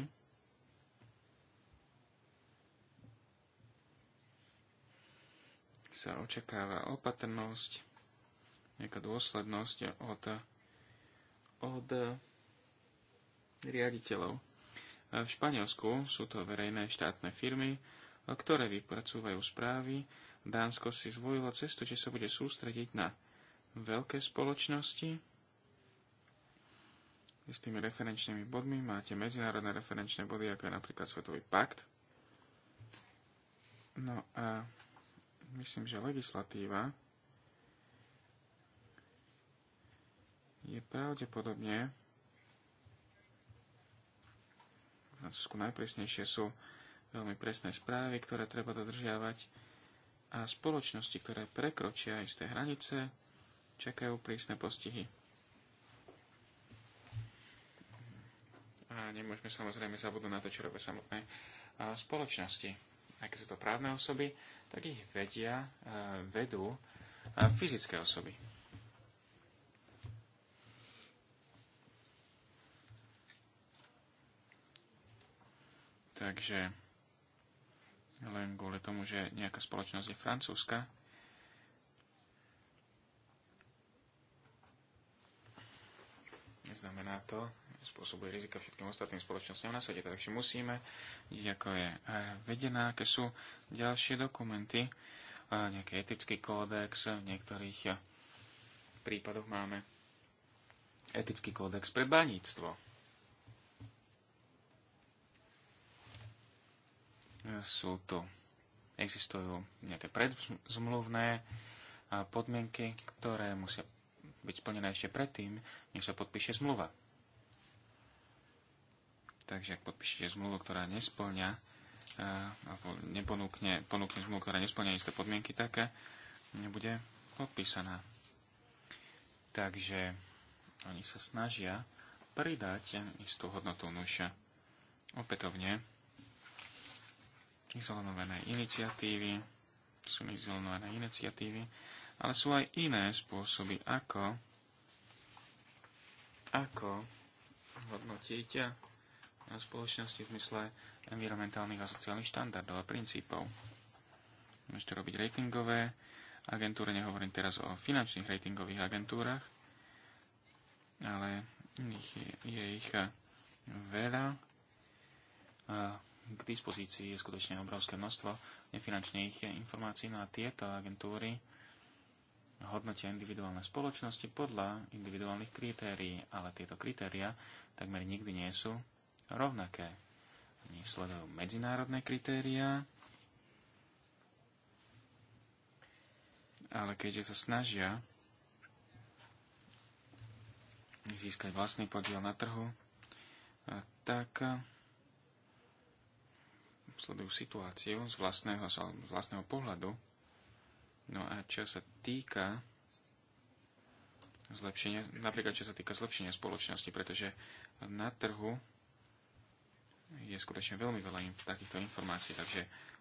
sa očakáva opatrnosť, nejaká dôslednosť od od riaditeľov. V Španielsku sú to verejné štátne firmy, ktoré vypracúvajú správy. Dánsko si zvolilo cestu, že sa bude sústrediť na veľké spoločnosti. S tými referenčnými bodmi máte medzinárodné referenčné body, ako je napríklad Svetový pakt. No a myslím, že legislatíva je pravdepodobne v Francúzsku najpresnejšie sú veľmi presné správy, ktoré treba dodržiavať a spoločnosti, ktoré prekročia isté hranice, čakajú prísne postihy. A nemôžeme samozrejme zabudnúť na to, čo robia samotné spoločnosti. Aké sú to právne osoby, tak ich vedia, vedú fyzické osoby. Takže len kvôli tomu, že nejaká spoločnosť je francúzska, Neznamená to, spôsobuje rizika všetkým ostatným spoločnostiam na svete. Takže musíme vidieť, ako je eh, vedená, aké sú ďalšie dokumenty, eh, nejaký etický kódex, v niektorých eh, prípadoch máme etický kódex pre baníctvo. sú tu, existujú nejaké predzmluvné podmienky, ktoré musia byť splnené ešte predtým, než sa podpíše zmluva. Takže ak podpíšete zmluvu, ktorá nesplňa alebo neponúkne ponúkne zmluvu, ktorá nesplňa isté podmienky, tak nebude podpísaná. Takže oni sa snažia pridať istú hodnotu nuša. Opätovne zelenovené iniciatívy, sú zelenovené iniciatívy, ale sú aj iné spôsoby, ako, ako hodnotiť spoločnosti v mysle environmentálnych a sociálnych štandardov a princípov. Môžete robiť ratingové agentúry, nehovorím teraz o finančných ratingových agentúrach, ale je, je ich veľa. A k dispozícii je skutočne obrovské množstvo nefinančných informácií, no a tieto agentúry hodnotia individuálne spoločnosti podľa individuálnych kritérií, ale tieto kritéria takmer nikdy nie sú rovnaké. Oni sledujú medzinárodné kritéria, ale keďže sa snažia získať vlastný podiel na trhu, tak sledujú situáciu z vlastného, z vlastného pohľadu. No a čo sa týka zlepšenia, napríklad čo sa týka zlepšenia spoločnosti, pretože na trhu je skutočne veľmi veľa in, takýchto informácií, takže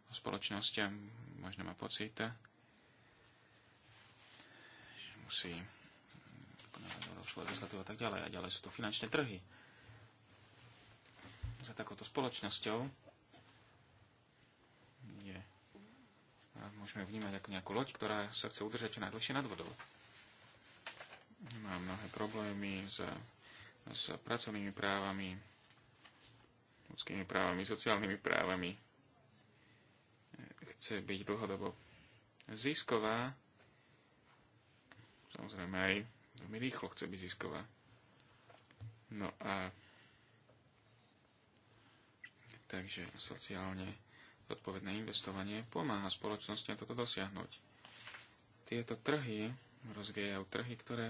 o spoločnosť možno má pocit, že musí a tak ďalej. A ďalej sú tu finančné trhy. Za takouto spoločnosťou môžeme vnímať ako nejakú loď, ktorá sa chce udržať čo najdlhšie nad vodou. Má mnohé problémy s, s pracovnými právami, ľudskými právami, sociálnymi právami. Chce byť dlhodobo zisková, samozrejme aj veľmi rýchlo chce byť zisková. No a takže sociálne Odpovedné investovanie pomáha spoločnosti toto dosiahnuť. Tieto trhy rozvíjajú trhy, ktoré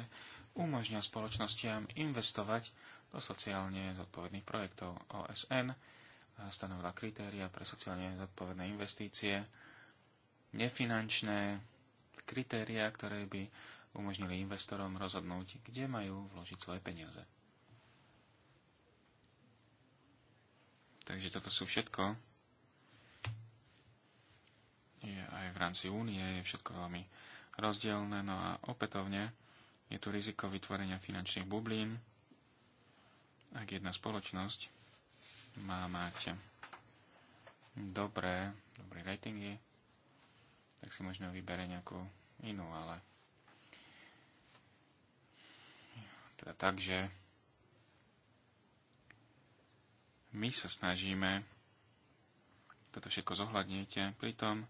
umožňujú spoločnostiam investovať do sociálne zodpovedných projektov. OSN stanovila kritéria pre sociálne zodpovedné investície, nefinančné kritéria, ktoré by umožnili investorom rozhodnúť, kde majú vložiť svoje peniaze. Takže toto sú všetko je aj v rámci únie, je všetko veľmi rozdielne, no a opätovne je tu riziko vytvorenia finančných bublín, ak jedna spoločnosť má mať dobré, dobré ratingy, tak si možno vybere nejakú inú, ale teda tak, že my sa snažíme toto všetko zohľadniť, pritom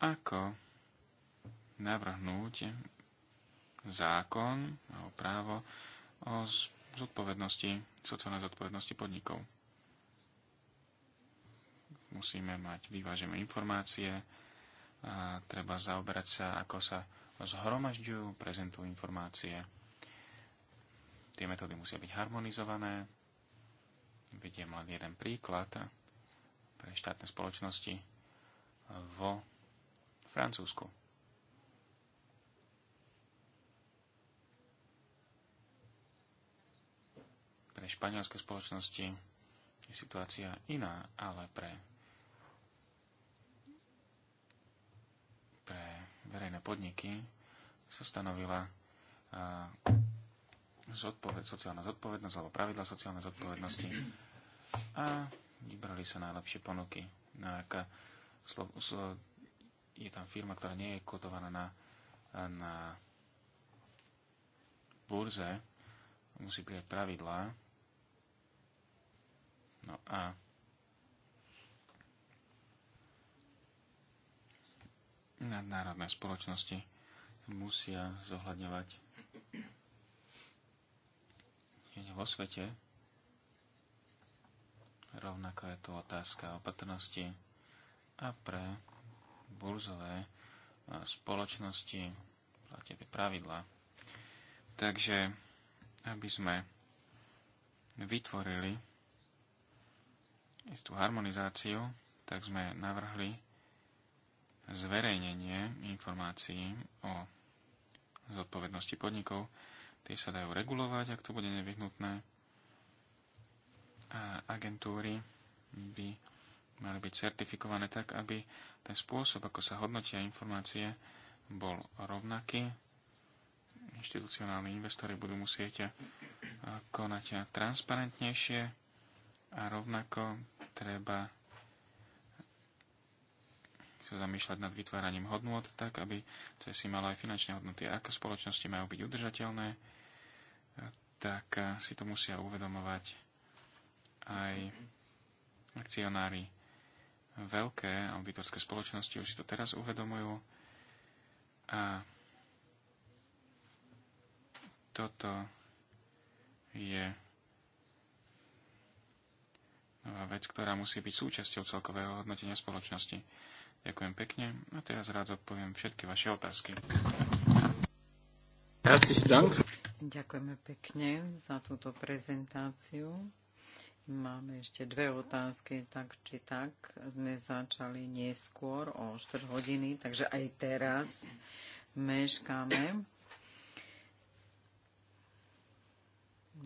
ako navrhnúť zákon alebo právo o zodpovednosti, sociálnej zodpovednosti podnikov. Musíme mať vyvážené informácie, a treba zaoberať sa, ako sa zhromažďujú, prezentujú informácie. Tie metódy musia byť harmonizované. Vidím len jeden príklad pre štátne spoločnosti vo Francúzsku. Pre španielské spoločnosti je situácia iná, ale pre, pre verejné podniky sa stanovila zodpoved, sociálna zodpovednosť alebo pravidla sociálnej zodpovednosti a vybrali sa najlepšie ponuky. No, aká, slo, slo, je tam firma, ktorá nie je kotovaná na, na burze, musí prijať pravidlá. No a nadnárodné spoločnosti musia zohľadňovať vo svete. Rovnako je tu otázka opatrnosti a pre burzové e, spoločnosti platia tie pravidlá. Takže, aby sme vytvorili istú harmonizáciu, tak sme navrhli zverejnenie informácií o zodpovednosti podnikov. Tie sa dajú regulovať, ak to bude nevyhnutné. A agentúry by mali byť certifikované tak, aby ten spôsob, ako sa hodnotia informácie, bol rovnaký. Inštitucionálni investori budú musieť eh, konať eh, transparentnejšie a rovnako treba sa zamýšľať nad vytváraním hodnot tak, aby CESI mala aj finančné hodnoty. Ako spoločnosti majú byť udržateľné, eh, tak si to musia uvedomovať aj akcionári veľké auditorské spoločnosti už si to teraz uvedomujú a toto je nová vec, ktorá musí byť súčasťou celkového hodnotenia spoločnosti. Ďakujem pekne a teraz rád zodpoviem všetky vaše otázky. Ďakujeme pekne za túto prezentáciu. Máme ešte dve otázky, tak či tak. Sme začali neskôr o 4 hodiny, takže aj teraz meškáme.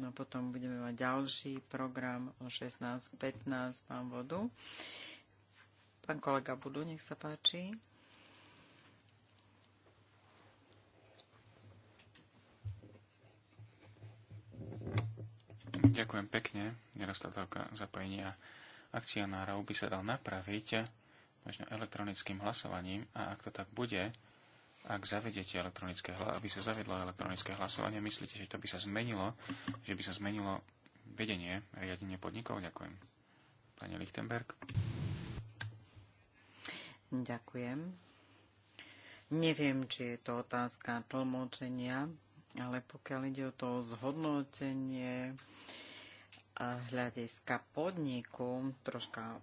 No potom budeme mať ďalší program o 16.15 mám vodu. Pán kolega Budu, nech sa páči. Ďakujem pekne. Nedostatok zapojenia akcionárov by sa dal napraviť možno elektronickým hlasovaním a ak to tak bude, ak zavedete elektronické aby sa zavedlo elektronické hlasovanie, myslíte, že to by sa zmenilo, že by sa zmenilo vedenie, riadenie podnikov? Ďakujem. Pani Lichtenberg. Ďakujem. Neviem, či je to otázka tlmočenia, ale pokiaľ ide o to zhodnotenie a hľadiska podniku, troška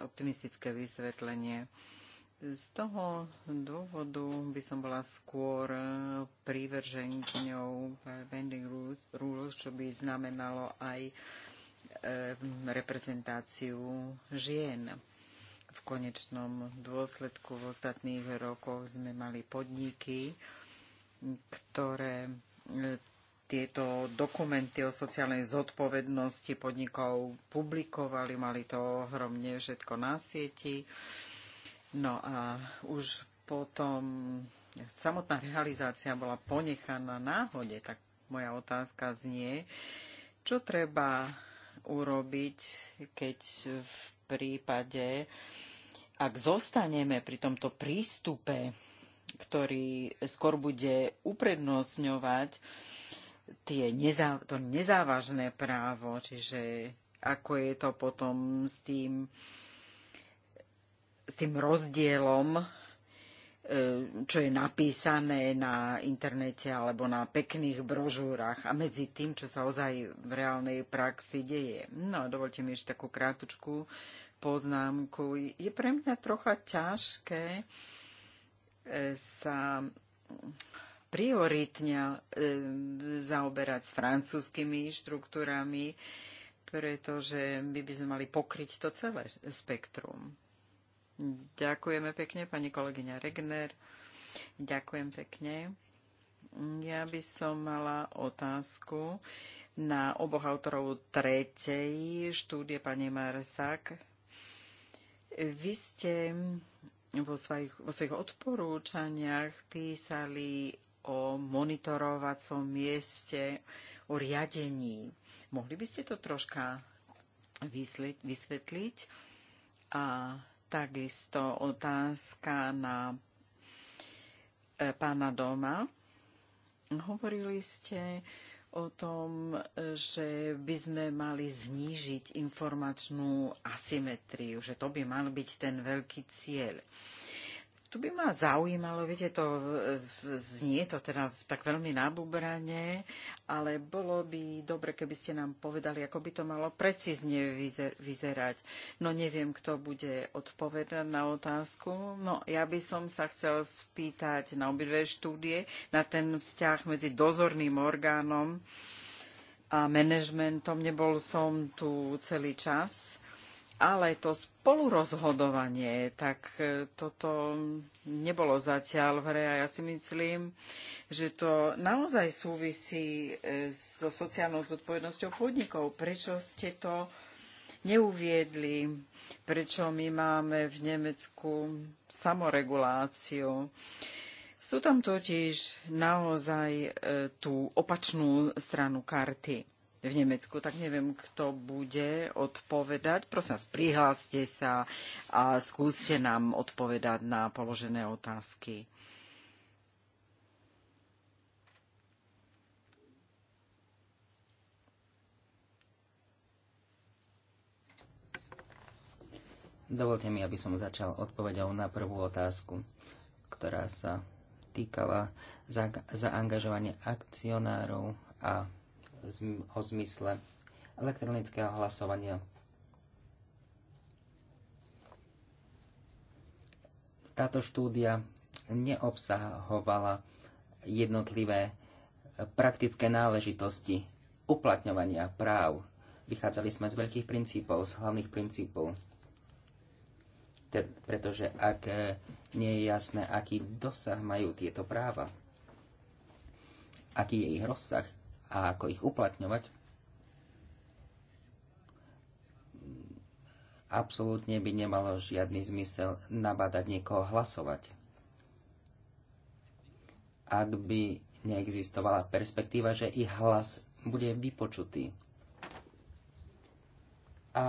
optimistické vysvetlenie, z toho dôvodu by som bola skôr príverženkyňou vending rules, čo by znamenalo aj e, reprezentáciu žien v konečnom dôsledku v ostatných rokoch sme mali podniky, ktoré e, tieto dokumenty o sociálnej zodpovednosti podnikov publikovali, mali to ohromne všetko na sieti. No a už potom samotná realizácia bola ponechaná náhode, tak moja otázka znie, čo treba urobiť, keď v prípade, ak zostaneme pri tomto prístupe ktorý skôr bude uprednostňovať tie nezá, to nezávažné právo, čiže ako je to potom s tým, s tým rozdielom, e, čo je napísané na internete alebo na pekných brožúrach a medzi tým, čo sa ozaj v reálnej praxi deje. No a dovolte mi ešte takú krátučku poznámku. Je pre mňa trocha ťažké sa prioritne e, zaoberať s francúzskými štruktúrami, pretože my by sme mali pokryť to celé spektrum. Ďakujeme pekne, pani kolegyňa Regner. Ďakujem pekne. Ja by som mala otázku na oboch autorov tretej štúdie pani Marsak. Vy ste vo svojich, vo svojich odporúčaniach písali o monitorovacom mieste, o riadení. Mohli by ste to troška vysvetliť? A takisto otázka na e, pána doma. Hovorili ste o tom, že by sme mali znížiť informačnú asymetriu, že to by mal byť ten veľký cieľ. Tu by ma zaujímalo, viete, to e, znie to teda tak veľmi nábubrane, ale bolo by dobre, keby ste nám povedali, ako by to malo precízne vyzer- vyzerať. No neviem, kto bude odpovedať na otázku. No ja by som sa chcel spýtať na obidve štúdie, na ten vzťah medzi dozorným orgánom a manažmentom. Nebol som tu celý čas ale to spolurozhodovanie, tak e, toto nebolo zatiaľ v hre a ja si myslím, že to naozaj súvisí e, so sociálnou zodpovednosťou podnikov. Prečo ste to neuviedli, prečo my máme v Nemecku samoreguláciu. Sú tam totiž naozaj e, tú opačnú stranu karty v Nemecku, tak neviem, kto bude odpovedať. Prosím vás, prihláste sa a skúste nám odpovedať na položené otázky. Dovolte mi, aby som začal odpovedou na prvú otázku, ktorá sa týkala za, zaangažovania akcionárov a o zmysle elektronického hlasovania. Táto štúdia neobsahovala jednotlivé e, praktické náležitosti uplatňovania práv. Vychádzali sme z veľkých princípov, z hlavných princípov. pretože ak e, nie je jasné, aký dosah majú tieto práva, aký je ich rozsah, a ako ich uplatňovať, absolútne by nemalo žiadny zmysel nabádať niekoho hlasovať. Ak by neexistovala perspektíva, že ich hlas bude vypočutý. A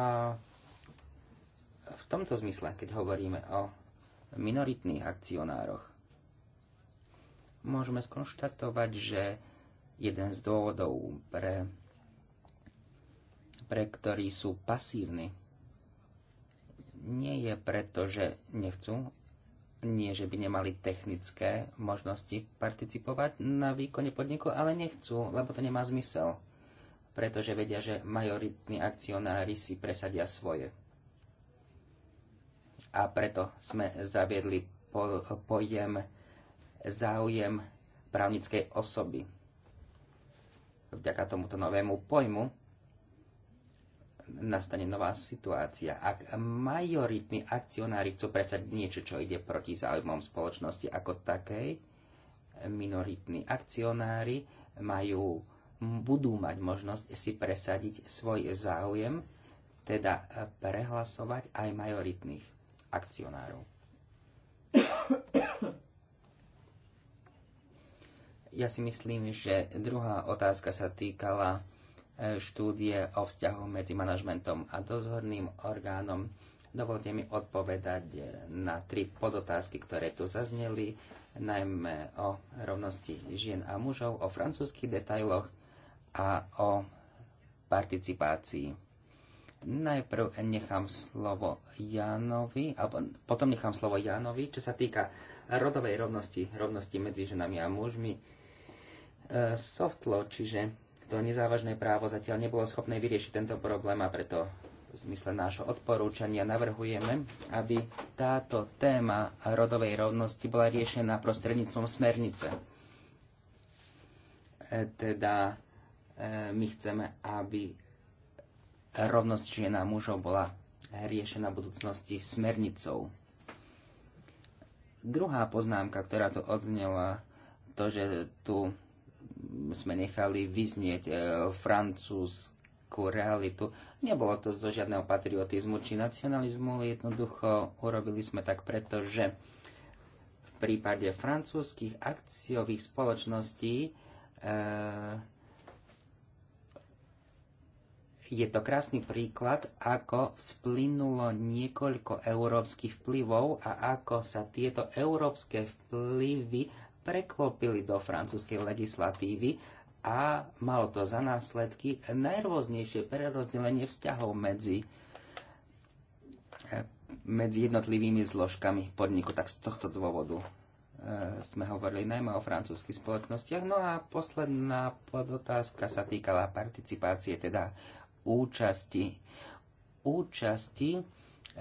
v tomto zmysle, keď hovoríme o minoritných akcionároch, môžeme skonštatovať, že jeden z dôvodov, pre, pre ktorý sú pasívni, nie je preto, že nechcú, nie že by nemali technické možnosti participovať na výkone podniku, ale nechcú, lebo to nemá zmysel, pretože vedia, že majoritní akcionári si presadia svoje. A preto sme zaviedli po, pojem záujem právnickej osoby vďaka tomuto novému pojmu nastane nová situácia. Ak majoritní akcionári chcú presadiť niečo, čo ide proti záujmom spoločnosti ako takej, minoritní akcionári majú, budú mať možnosť si presadiť svoj záujem, teda prehlasovať aj majoritných akcionárov. Ja si myslím, že druhá otázka sa týkala e, štúdie o vzťahu medzi manažmentom a dozorným orgánom. Dovolte mi odpovedať e, na tri podotázky, ktoré tu zazneli, najmä o rovnosti žien a mužov, o francúzských detailoch a o participácii. Najprv nechám slovo Jánovi, alebo potom nechám slovo Jánovi, čo sa týka rodovej rovnosti, rovnosti medzi ženami a mužmi soft law, čiže to nezávažné právo zatiaľ nebolo schopné vyriešiť tento problém a preto v zmysle nášho odporúčania navrhujeme, aby táto téma rodovej rovnosti bola riešená prostredníctvom smernice. E, teda e, my chceme, aby rovnosť žien a mužov bola riešená v budúcnosti smernicou. Druhá poznámka, ktorá tu odznela, to, že tu sme nechali vyznieť e, francúzsku realitu. Nebolo to zo žiadneho patriotizmu či nacionalizmu, ale jednoducho urobili sme tak pretože v prípade francúzskych akciových spoločností e, je to krásny príklad, ako splynulo niekoľko európskych vplyvov a ako sa tieto európske vplyvy preklopili do francúzskej legislatívy a malo to za následky najrôznejšie prerozdelenie vzťahov medzi, eh, medzi jednotlivými zložkami podniku. Tak z tohto dôvodu eh, sme hovorili najmä o francúzskych spoločnostiach. No a posledná podotázka sa týkala participácie, teda účasti. Účasti eh,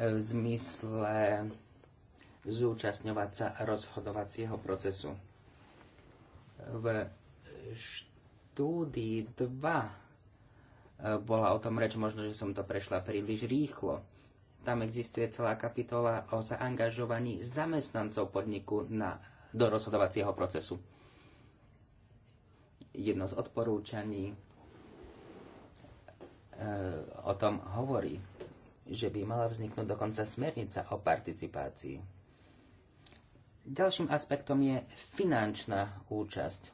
v zmysle zúčastňovať sa rozhodovacieho procesu. V štúdii 2 e, bola o tom reč, možno, že som to prešla príliš rýchlo. Tam existuje celá kapitola o zaangažovaní zamestnancov podniku na, do rozhodovacieho procesu. Jedno z odporúčaní e, o tom hovorí, že by mala vzniknúť dokonca smernica o participácii Ďalším aspektom je finančná účasť.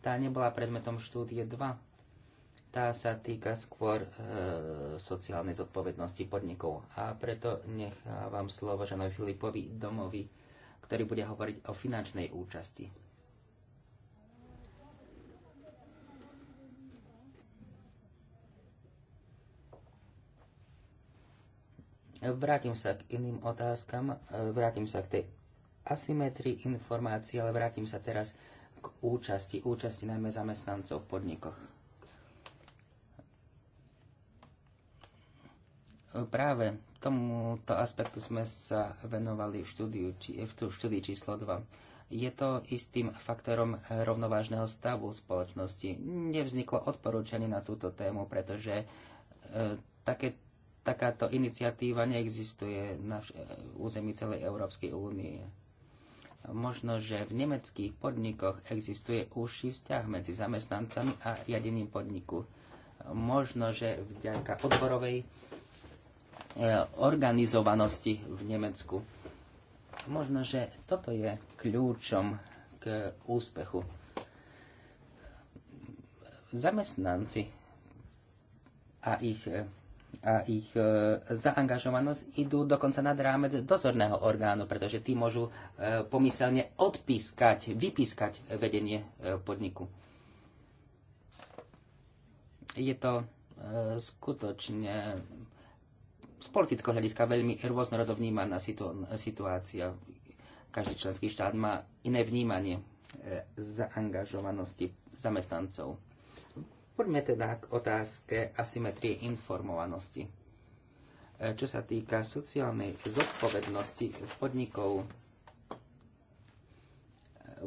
Tá nebola predmetom štúdie 2. Tá sa týka skôr e, sociálnej zodpovednosti podnikov. A preto nechávam slovo Žanovi Filipovi Domovi, ktorý bude hovoriť o finančnej účasti. Vrátim sa k iným otázkam, e, vrátim sa k tej asymetrii informácií, ale vrátim sa teraz k účasti, účasti najmä zamestnancov v podnikoch. Práve tomuto aspektu sme sa venovali v štúdiu, či, v štúdii číslo 2. Je to istým faktorom rovnovážneho stavu spoločnosti. Nevzniklo odporúčanie na túto tému, pretože e, také, takáto iniciatíva neexistuje na území celej Európskej únie Možno, že v nemeckých podnikoch existuje užší vzťah medzi zamestnancami a riadením podniku. Možno, že vďaka odborovej e, organizovanosti v Nemecku. Možno, že toto je kľúčom k úspechu. Zamestnanci a ich e, a ich e, zaangažovanosť idú dokonca nad rámec dozorného orgánu, pretože tí môžu e, pomyselne odpískať, vypískať vedenie e, podniku. Je to skutočne z politického hľadiska veľmi rôznorodo vnímaná situácia. Každý členský štát má iné vnímanie zaangažovanosti zamestnancov. Poďme teda k otázke asymetrie informovanosti. E, čo sa týka sociálnej zodpovednosti podnikov, e,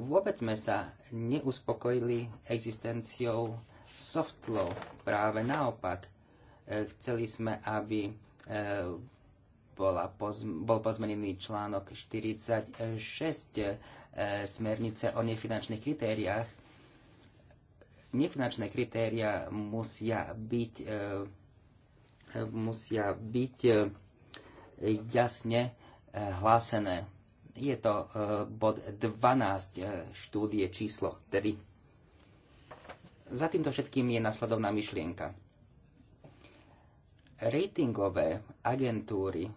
vôbec sme sa neuspokojili existenciou soft law. Práve naopak, e, chceli sme, aby bola poz, bol pozmenený článok 46 smernice o nefinančných kritériách, nefinančné kritéria musia byť, e, musia byť e, jasne e, hlásené. Je to bod 12 štúdie číslo 3. Za týmto všetkým je nasledovná myšlienka. Ratingové agentúry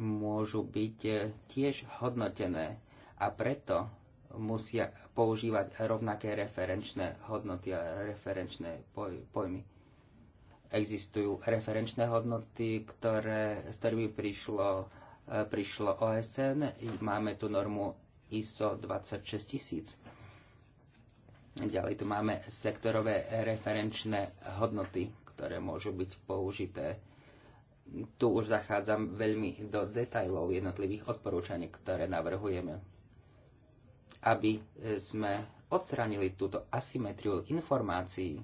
môžu byť tiež hodnotené a preto musia používať rovnaké referenčné hodnoty a referenčné pojmy. Existujú referenčné hodnoty, ktoré, s ktorými prišlo, e, prišlo OSN. Máme tu normu ISO 26000. Ďalej tu máme sektorové referenčné hodnoty, ktoré môžu byť použité. Tu už zachádzam veľmi do detajlov jednotlivých odporúčaní, ktoré navrhujeme aby e, sme odstránili túto asymetriu informácií,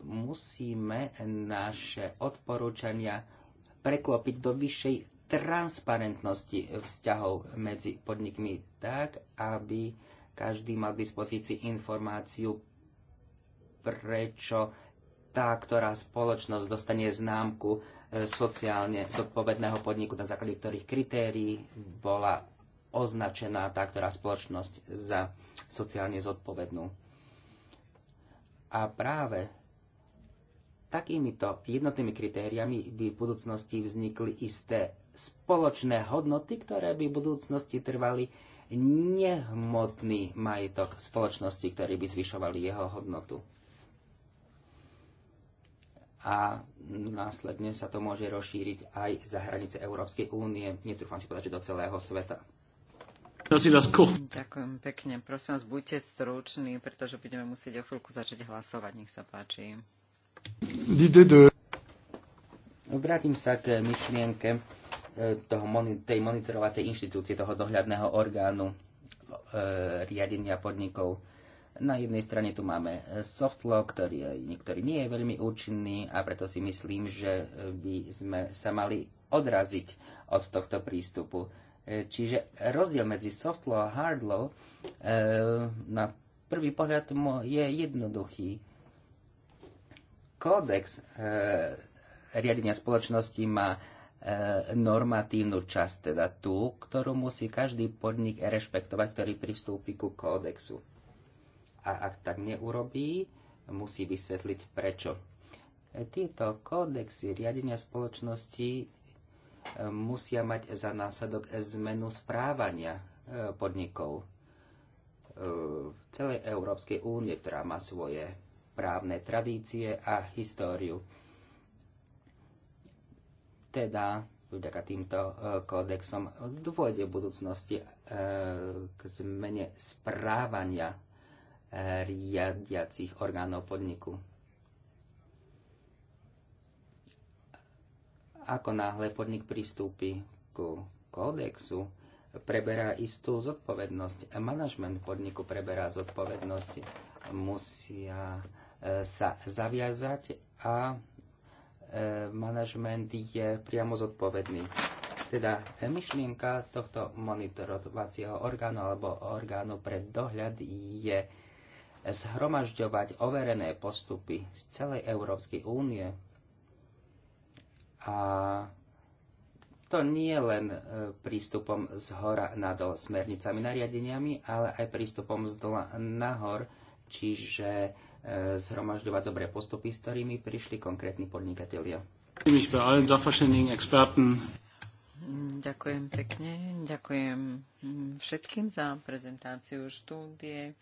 musíme naše odporúčania preklopiť do vyššej transparentnosti vzťahov medzi podnikmi tak, aby každý mal k dispozícii informáciu, prečo tá, ktorá spoločnosť dostane známku e, sociálne zodpovedného podniku, na základe ktorých kritérií bola označená tá ktorá spoločnosť za sociálne zodpovednú. A práve takýmito jednotnými kritériami by v budúcnosti vznikli isté spoločné hodnoty, ktoré by v budúcnosti trvali nehmotný majetok spoločnosti, ktorý by zvyšovali jeho hodnotu. A následne sa to môže rozšíriť aj za hranice Európskej únie, netrúfam si povedať, že do celého sveta. Ďakujem pekne. Prosím vás, buďte struční, pretože budeme musieť o chvíľku začať hlasovať. Nech sa páči. Vrátim sa k myšlienke e, toho, tej monitorovacej inštitúcie, toho dohľadného orgánu e, riadenia podnikov. Na jednej strane tu máme soft law, ktorý niektorý nie je veľmi účinný a preto si myslím, že by sme sa mali odraziť od tohto prístupu E, čiže rozdiel medzi soft law a hard law e, na prvý pohľad je jednoduchý. Kódex e, riadenia spoločnosti má normatívnu časť, teda tú, ktorú musí každý podnik rešpektovať, ktorý pristúpi ku kódexu. A ak tak neurobí, musí vysvetliť prečo. Tieto kódexy riadenia spoločnosti musia mať za následok zmenu správania e, podnikov e, v celej Európskej únie, ktorá má svoje právne tradície a históriu. Teda vďaka týmto e, kódexom dôjde v budúcnosti k zmene správania riadiacich orgánov podniku. ako náhle podnik pristúpi ku kódexu, preberá istú zodpovednosť. Manažment podniku preberá zodpovednosť. Musia e, sa zaviazať a e, manažment je priamo zodpovedný. Teda e, myšlienka tohto monitorovacieho orgánu alebo orgánu pre dohľad je zhromažďovať overené postupy z celej Európskej únie a to nie je len e, prístupom z hora nadol smernicami, nariadeniami, ale aj prístupom z dola nahor, čiže e, zhromažďovať dobré postupy, s ktorými prišli konkrétni podnikatelia. Ďakujem pekne, ďakujem mm, všetkým za prezentáciu štúdie.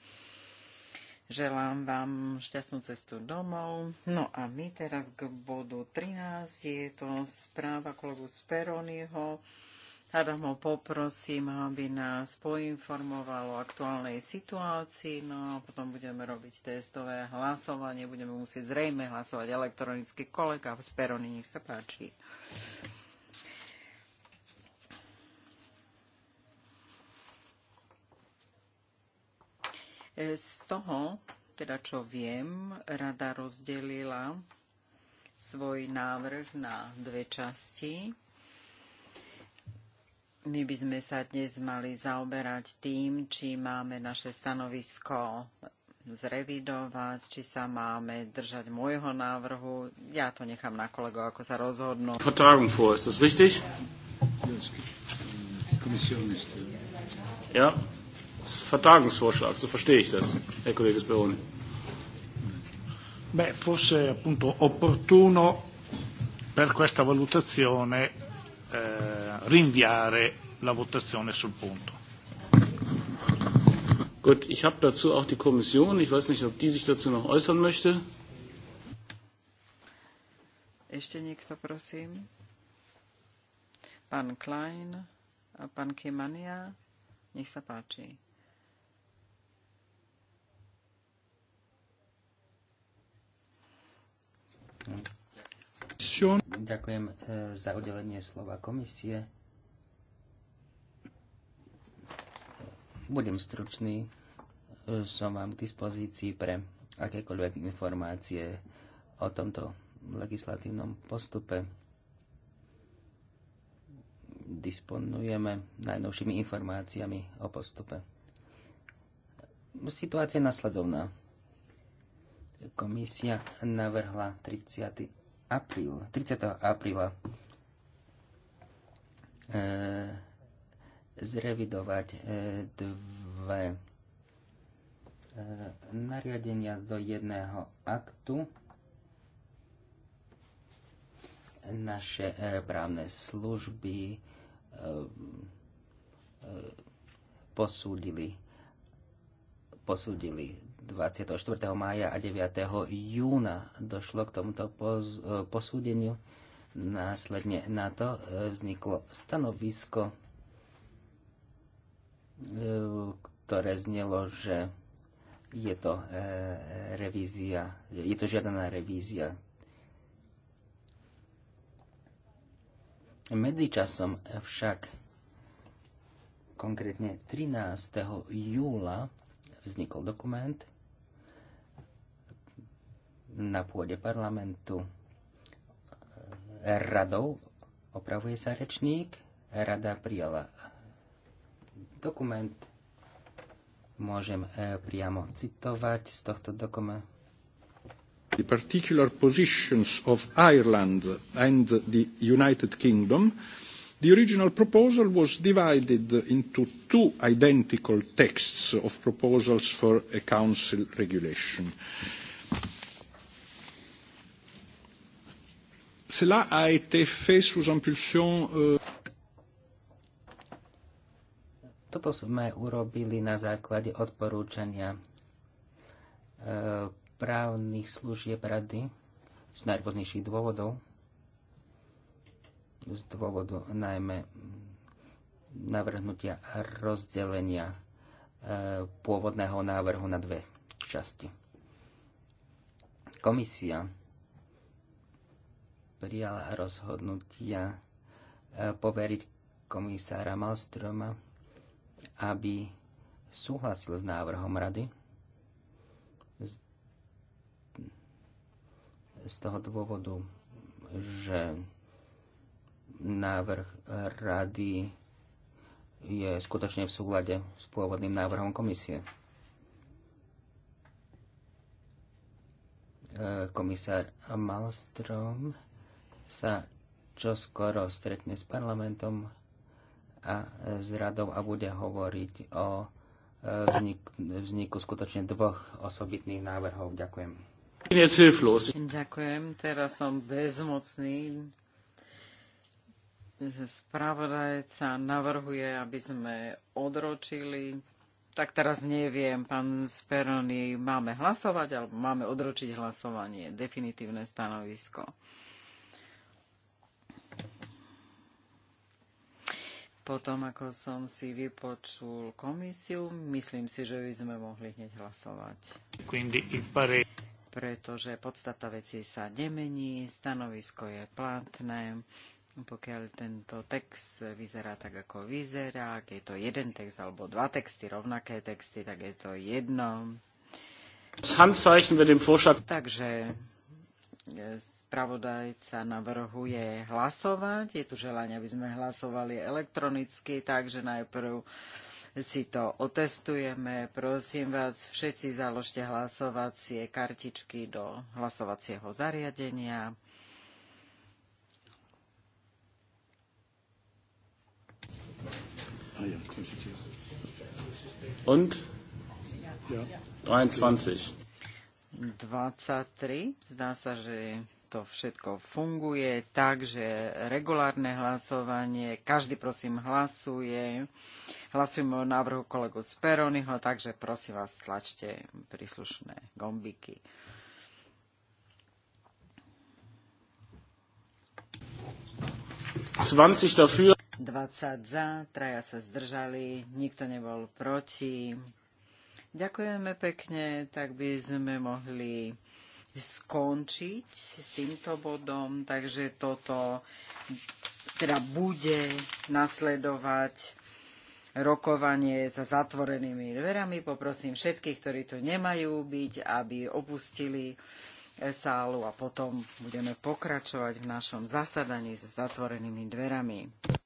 Želám vám šťastnú cestu domov. No a my teraz k bodu 13. Je to správa kolegu Speroniho. Hádam ho poprosím, aby nás poinformoval o aktuálnej situácii, no a potom budeme robiť testové hlasovanie, budeme musieť zrejme hlasovať elektronicky. Kolega z Peroni nech sa páči. E, z toho, teda čo viem, rada rozdelila svoj návrh na dve časti. My by sme sa dnes mali zaoberať tým, či máme naše stanovisko zrevidovať, či sa máme držať môjho návrhu. Ja to nechám na kolego, ako sa rozhodnú. Vertragung vor, ist das richtig? Ja. Vertagungsvorschlag, so verstehe ich das, Herr Kollege Speroni. Beh, forse appunto opportuno per questa valutazione eh, rinviare la votazione sul punto. Gut, ich habe dazu auch die Kommission. Ich weiß nicht, ob die sich dazu noch äußern möchte. Ešte niekto, prosím. Pán Klein a pán Kemania, nech sa páči. Ďakujem. Ďakujem za udelenie slova komisie. Budem stručný. E, som vám k dispozícii pre akékoľvek informácie o tomto legislatívnom postupe. Disponujeme najnovšími informáciami o postupe. Situácia je nasledovná Komisia navrhla 30. apríl, 30. apríla e, zrevidovať e, dve e, nariadenia do jedného aktu. Naše e, právne služby e, e, posúdili, posúdili 24. mája a 9. júna došlo k tomuto e, posúdeniu. Následne na to e, vzniklo stanovisko, e, ktoré znelo, že je to revízia, je to žiadaná revízia. Medzičasom však konkrétne 13. júla vznikol dokument, na pôde parlamentu e, radou, opravuje sa rečník, rada prijala dokument, môžem e, priamo citovať z tohto dokumentu. The particular positions of Ireland and the United Kingdom, the original proposal was divided into two identical texts of proposals for a council regulation. Mm-hmm Cela a été fait sous impulsion. Euh, Toto sme urobili na základe odporúčania e, právnych služieb rady z najrôznejších dôvodov. Z dôvodu najmä navrhnutia rozdelenia e, pôvodného návrhu na dve časti. Komisia prijal rozhodnutia e, poveriť komisára Malstroma, aby súhlasil s návrhom rady. Z toho dôvodu, že návrh rady je skutočne v súlade s pôvodným návrhom komisie. E, komisár Malstrom sa čoskoro stretne s parlamentom a s radou a bude hovoriť o e, vznik, vzniku skutočne dvoch osobitných návrhov. Ďakujem. Ďakujem, teraz som bezmocný. Spravodajca navrhuje, aby sme odročili. Tak teraz neviem, pán Speroni, máme hlasovať alebo máme odročiť hlasovanie, definitívne stanovisko. Potom, ako som si vypočul komisiu, myslím si, že by sme mohli hneď hlasovať. Pretože podstata veci sa nemení, stanovisko je platné, pokiaľ tento text vyzerá tak, ako vyzerá, ak je to jeden text alebo dva texty, rovnaké texty, tak je to jedno. Takže Spravodajca navrhuje hlasovať. Je tu želanie, aby sme hlasovali elektronicky, takže najprv si to otestujeme. Prosím vás, všetci založte hlasovacie kartičky do hlasovacieho zariadenia. Und? Ja. 23. 23. Zdá sa, že to všetko funguje, takže regulárne hlasovanie, každý prosím hlasuje. Hlasujeme o návrhu kolegu Speroniho, takže prosím vás, tlačte príslušné gombiky. Dafür. za, traja sa zdržali, nikto nebol proti. Ďakujeme pekne, tak by sme mohli skončiť s týmto bodom, takže toto teda bude nasledovať rokovanie za zatvorenými dverami. Poprosím všetkých, ktorí tu nemajú byť, aby opustili sálu a potom budeme pokračovať v našom zasadaní za zatvorenými dverami.